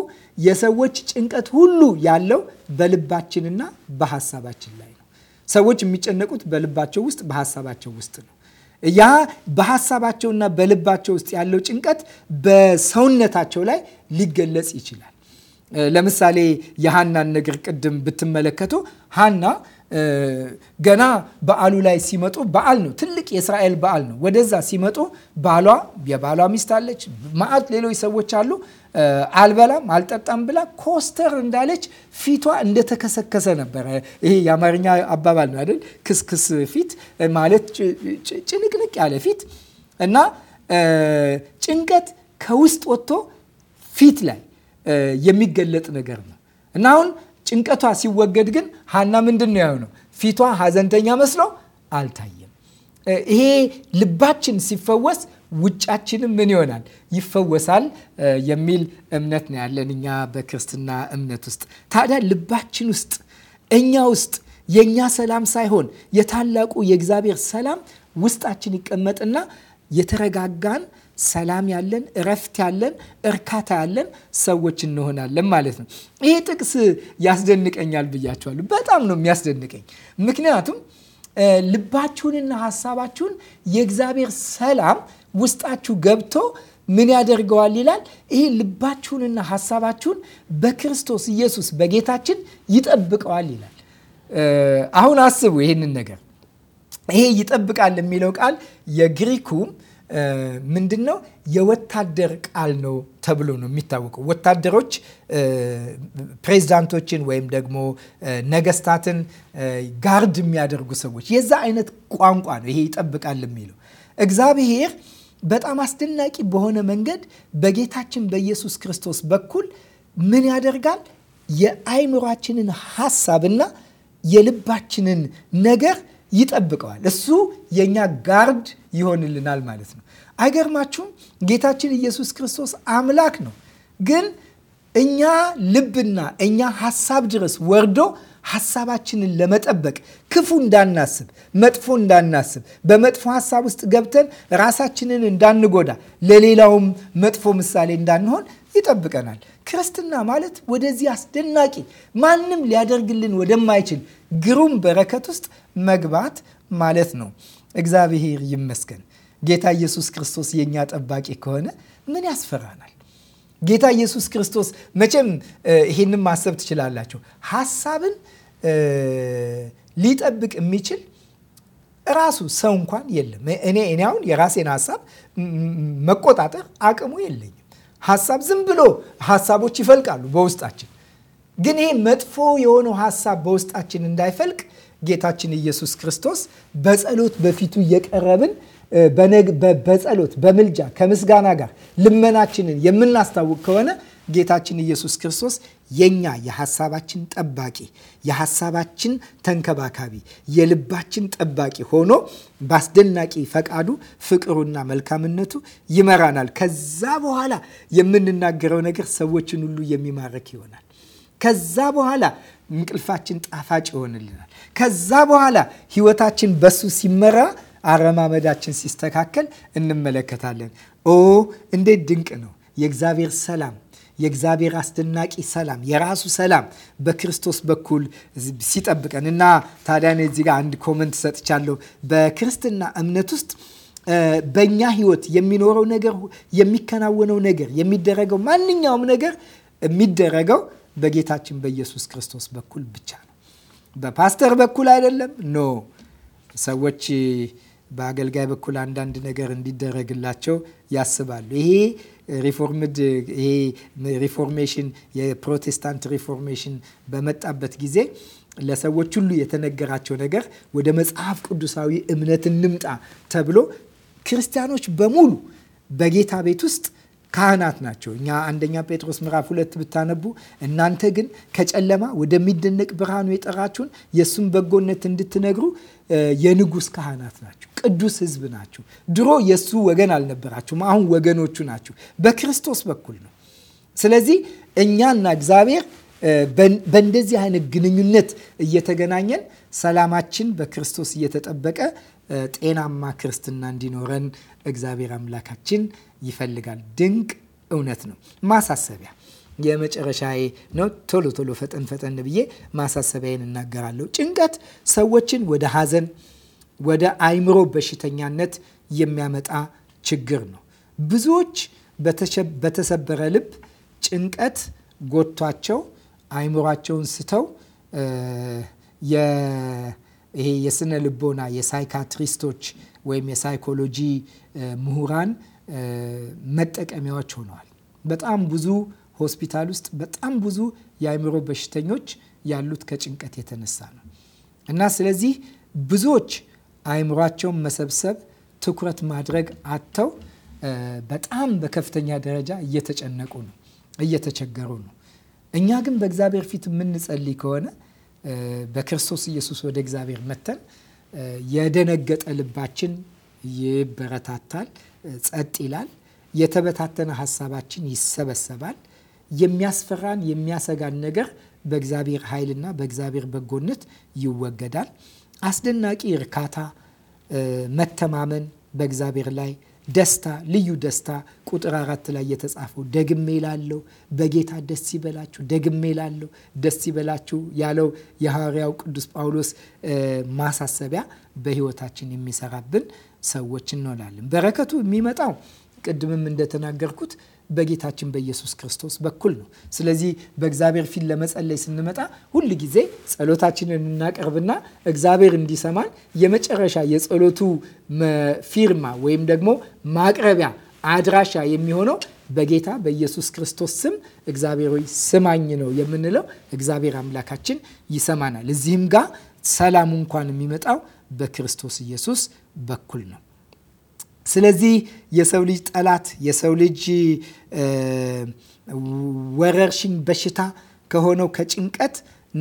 የሰዎች ጭንቀት ሁሉ ያለው በልባችንና በሀሳባችን ላይ ነው። ሰዎች የሚጨነቁት በልባቸው ውስጥ በሀሳባቸው ውስጥ ነው። ያ በሀሳባቸውና በልባቸው ውስጥ ያለው ጭንቀት በሰውነታቸው ላይ ሊገለጽ ይችላል። ለምሳሌ የሀናን ነገር ቅድም ብትመለከቱ ሀና ገና በዓሉ ላይ ሲመጡ በዓል ነው፣ ትልቅ የእስራኤል በዓል ነው። ወደዛ ሲመጡ ባሏ የባሏ ሚስት አለች፣ ማዕት ሌሎች ሰዎች አሉ። አልበላም አልጠጣም ብላ ኮስተር እንዳለች ፊቷ እንደተከሰከሰ ነበረ። ይሄ የአማርኛ አባባል ነው አይደል? ክስክስ ፊት ማለት ጭንቅንቅ ያለ ፊት እና ጭንቀት ከውስጥ ወጥቶ ፊት ላይ የሚገለጥ ነገር ነው እና አሁን ጭንቀቷ ሲወገድ ግን ሀና ምንድን ነው ያሆነው? ፊቷ ሀዘንተኛ መስሎ አልታየም። ይሄ ልባችን ሲፈወስ ውጫችንም ምን ይሆናል? ይፈወሳል የሚል እምነት ነው ያለን እኛ በክርስትና እምነት ውስጥ። ታዲያ ልባችን ውስጥ እኛ ውስጥ የእኛ ሰላም ሳይሆን የታላቁ የእግዚአብሔር ሰላም ውስጣችን ይቀመጥና የተረጋጋን ሰላም ያለን እረፍት ያለን እርካታ ያለን ሰዎች እንሆናለን ማለት ነው። ይሄ ጥቅስ ያስደንቀኛል ብያቸዋለሁ። በጣም ነው የሚያስደንቀኝ። ምክንያቱም ልባችሁንና ሀሳባችሁን የእግዚአብሔር ሰላም ውስጣችሁ ገብቶ ምን ያደርገዋል ይላል? ይህ ልባችሁንና ሀሳባችሁን በክርስቶስ ኢየሱስ በጌታችን ይጠብቀዋል ይላል። አሁን አስቡ ይህንን ነገር። ይሄ ይጠብቃል የሚለው ቃል የግሪኩም ምንድን ነው? የወታደር ቃል ነው ተብሎ ነው የሚታወቀው። ወታደሮች ፕሬዚዳንቶችን ወይም ደግሞ ነገስታትን ጋርድ የሚያደርጉ ሰዎች የዛ አይነት ቋንቋ ነው ይሄ ይጠብቃል የሚለው እግዚአብሔር በጣም አስደናቂ በሆነ መንገድ በጌታችን በኢየሱስ ክርስቶስ በኩል ምን ያደርጋል? የአይምሯችንን ሀሳብና የልባችንን ነገር ይጠብቀዋል። እሱ የእኛ ጋርድ ይሆንልናል ማለት ነው። አይገርማችሁም? ጌታችን ኢየሱስ ክርስቶስ አምላክ ነው፣ ግን እኛ ልብና እኛ ሀሳብ ድረስ ወርዶ ሀሳባችንን ለመጠበቅ ክፉ እንዳናስብ፣ መጥፎ እንዳናስብ፣ በመጥፎ ሀሳብ ውስጥ ገብተን ራሳችንን እንዳንጎዳ፣ ለሌላውም መጥፎ ምሳሌ እንዳንሆን ይጠብቀናል። ክርስትና ማለት ወደዚህ አስደናቂ ማንም ሊያደርግልን ወደማይችል ግሩም በረከት ውስጥ መግባት ማለት ነው። እግዚአብሔር ይመስገን። ጌታ ኢየሱስ ክርስቶስ የእኛ ጠባቂ ከሆነ ምን ያስፈራናል? ጌታ ኢየሱስ ክርስቶስ መቼም ይሄንም ማሰብ ትችላላችሁ። ሀሳብን ሊጠብቅ የሚችል ራሱ ሰው እንኳን የለም። እኔ እኔ አሁን የራሴን ሀሳብ መቆጣጠር አቅሙ የለኝም። ሀሳብ ዝም ብሎ ሀሳቦች ይፈልቃሉ በውስጣችን። ግን ይሄ መጥፎ የሆነው ሀሳብ በውስጣችን እንዳይፈልቅ ጌታችን ኢየሱስ ክርስቶስ በጸሎት በፊቱ እየቀረብን በጸሎት በምልጃ ከምስጋና ጋር ልመናችንን የምናስታውቅ ከሆነ ጌታችን ኢየሱስ ክርስቶስ የኛ የሐሳባችን ጠባቂ የሐሳባችን ተንከባካቢ የልባችን ጠባቂ ሆኖ በአስደናቂ ፈቃዱ ፍቅሩና መልካምነቱ ይመራናል። ከዛ በኋላ የምንናገረው ነገር ሰዎችን ሁሉ የሚማርክ ይሆናል። ከዛ በኋላ እንቅልፋችን ጣፋጭ ይሆንልናል። ከዛ በኋላ ሕይወታችን በሱ ሲመራ አረማመዳችን ሲስተካከል እንመለከታለን። ኦ እንዴት ድንቅ ነው የእግዚአብሔር ሰላም የእግዚአብሔር አስደናቂ ሰላም የራሱ ሰላም በክርስቶስ በኩል ሲጠብቀን እና ታዲያ እኔ እዚህ ጋር አንድ ኮመንት ሰጥቻለሁ። በክርስትና እምነት ውስጥ በእኛ ሕይወት የሚኖረው ነገር፣ የሚከናወነው ነገር፣ የሚደረገው ማንኛውም ነገር የሚደረገው በጌታችን በኢየሱስ ክርስቶስ በኩል ብቻ ነው። በፓስተር በኩል አይደለም። ኖ ሰዎች በአገልጋይ በኩል አንዳንድ ነገር እንዲደረግላቸው ያስባሉ። ይሄ ሪፎርምድ ይሄ ሪፎርሜሽን የፕሮቴስታንት ሪፎርሜሽን በመጣበት ጊዜ ለሰዎች ሁሉ የተነገራቸው ነገር ወደ መጽሐፍ ቅዱሳዊ እምነት እንምጣ ተብሎ ክርስቲያኖች በሙሉ በጌታ ቤት ውስጥ ካህናት ናቸው። እኛ አንደኛ ጴጥሮስ ምዕራፍ ሁለት ብታነቡ እናንተ ግን ከጨለማ ወደሚደነቅ ብርሃኑ የጠራችሁን የእሱን በጎነት እንድትነግሩ የንጉሥ ካህናት ናቸው። ቅዱስ ሕዝብ ናችሁ። ድሮ የእሱ ወገን አልነበራችሁም፣ አሁን ወገኖቹ ናችሁ በክርስቶስ በኩል ነው። ስለዚህ እኛና እግዚአብሔር በእንደዚህ አይነት ግንኙነት እየተገናኘን ሰላማችን በክርስቶስ እየተጠበቀ ጤናማ ክርስትና እንዲኖረን እግዚአብሔር አምላካችን ይፈልጋል። ድንቅ እውነት ነው። ማሳሰቢያ የመጨረሻዬ ነው። ቶሎ ቶሎ ፈጠን ፈጠን ብዬ ማሳሰቢያዬን እናገራለሁ። ጭንቀት ሰዎችን ወደ ሀዘን። ወደ አእምሮ በሽተኛነት የሚያመጣ ችግር ነው። ብዙዎች በተሰበረ ልብ ጭንቀት ጎቷቸው አእምሯቸውን ስተው ይሄ የስነ ልቦና የሳይካትሪስቶች ወይም የሳይኮሎጂ ምሁራን መጠቀሚያዎች ሆነዋል። በጣም ብዙ ሆስፒታል ውስጥ በጣም ብዙ የአይምሮ በሽተኞች ያሉት ከጭንቀት የተነሳ ነው እና ስለዚህ ብዙዎች አይምሯቸውን መሰብሰብ፣ ትኩረት ማድረግ አጥተው በጣም በከፍተኛ ደረጃ እየተጨነቁ ነው፣ እየተቸገሩ ነው። እኛ ግን በእግዚአብሔር ፊት የምንጸልይ ከሆነ በክርስቶስ ኢየሱስ ወደ እግዚአብሔር መተን የደነገጠ ልባችን ይበረታታል፣ ጸጥ ይላል። የተበታተነ ሀሳባችን ይሰበሰባል። የሚያስፈራን የሚያሰጋን ነገር በእግዚአብሔር ኃይልና በእግዚአብሔር በጎነት ይወገዳል። አስደናቂ እርካታ፣ መተማመን በእግዚአብሔር ላይ ደስታ፣ ልዩ ደስታ። ቁጥር አራት ላይ የተጻፈው ደግሜ ላለው በጌታ ደስ ይበላችሁ፣ ደግሜ ላለው ደስ ይበላችሁ ያለው የሐዋርያው ቅዱስ ጳውሎስ ማሳሰቢያ በሕይወታችን የሚሰራብን ሰዎች እንሆናለን። በረከቱ የሚመጣው ቅድምም እንደተናገርኩት በጌታችን በኢየሱስ ክርስቶስ በኩል ነው። ስለዚህ በእግዚአብሔር ፊት ለመጸለይ ስንመጣ ሁል ጊዜ ጸሎታችንን እናቀርብና እግዚአብሔር እንዲሰማን የመጨረሻ የጸሎቱ ፊርማ ወይም ደግሞ ማቅረቢያ አድራሻ የሚሆነው በጌታ በኢየሱስ ክርስቶስ ስም እግዚአብሔር ሆይ ስማኝ ነው የምንለው። እግዚአብሔር አምላካችን ይሰማናል። እዚህም ጋር ሰላም እንኳን የሚመጣው በክርስቶስ ኢየሱስ በኩል ነው። ስለዚህ የሰው ልጅ ጠላት፣ የሰው ልጅ ወረርሽኝ በሽታ ከሆነው ከጭንቀት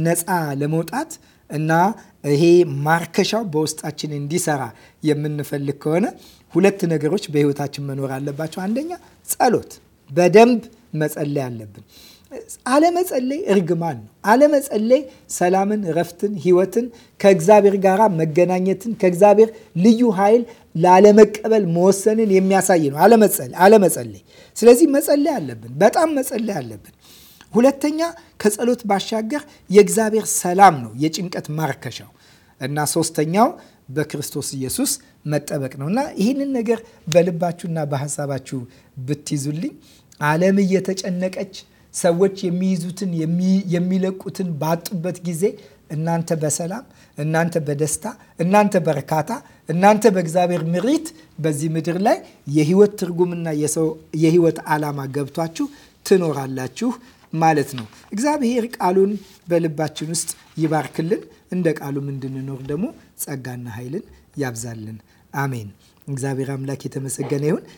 ነፃ ለመውጣት እና ይሄ ማርከሻው በውስጣችን እንዲሰራ የምንፈልግ ከሆነ ሁለት ነገሮች በህይወታችን መኖር አለባቸው። አንደኛ ጸሎት፣ በደንብ መጸለይ አለብን። አለመጸለይ እርግማን ነው። አለመጸለይ ሰላምን፣ ረፍትን፣ ህይወትን፣ ከእግዚአብሔር ጋር መገናኘትን፣ ከእግዚአብሔር ልዩ ኃይል ላለመቀበል መወሰንን የሚያሳይ ነው አለመጸለይ። ስለዚህ መጸለይ አለብን፣ በጣም መጸለይ አለብን። ሁለተኛ ከጸሎት ባሻገር የእግዚአብሔር ሰላም ነው የጭንቀት ማርከሻው እና ሶስተኛው በክርስቶስ ኢየሱስ መጠበቅ ነው እና ይህንን ነገር በልባችሁና በሀሳባችሁ ብትይዙልኝ ዓለም እየተጨነቀች ሰዎች የሚይዙትን የሚለቁትን ባጡበት ጊዜ እናንተ በሰላም እናንተ በደስታ እናንተ በርካታ እናንተ በእግዚአብሔር ምሪት በዚህ ምድር ላይ የህይወት ትርጉምና የህይወት ዓላማ ገብቷችሁ ትኖራላችሁ ማለት ነው። እግዚአብሔር ቃሉን በልባችን ውስጥ ይባርክልን። እንደ ቃሉም እንድንኖር ደግሞ ጸጋና ኃይልን ያብዛልን። አሜን። እግዚአብሔር አምላክ የተመሰገነ ይሁን።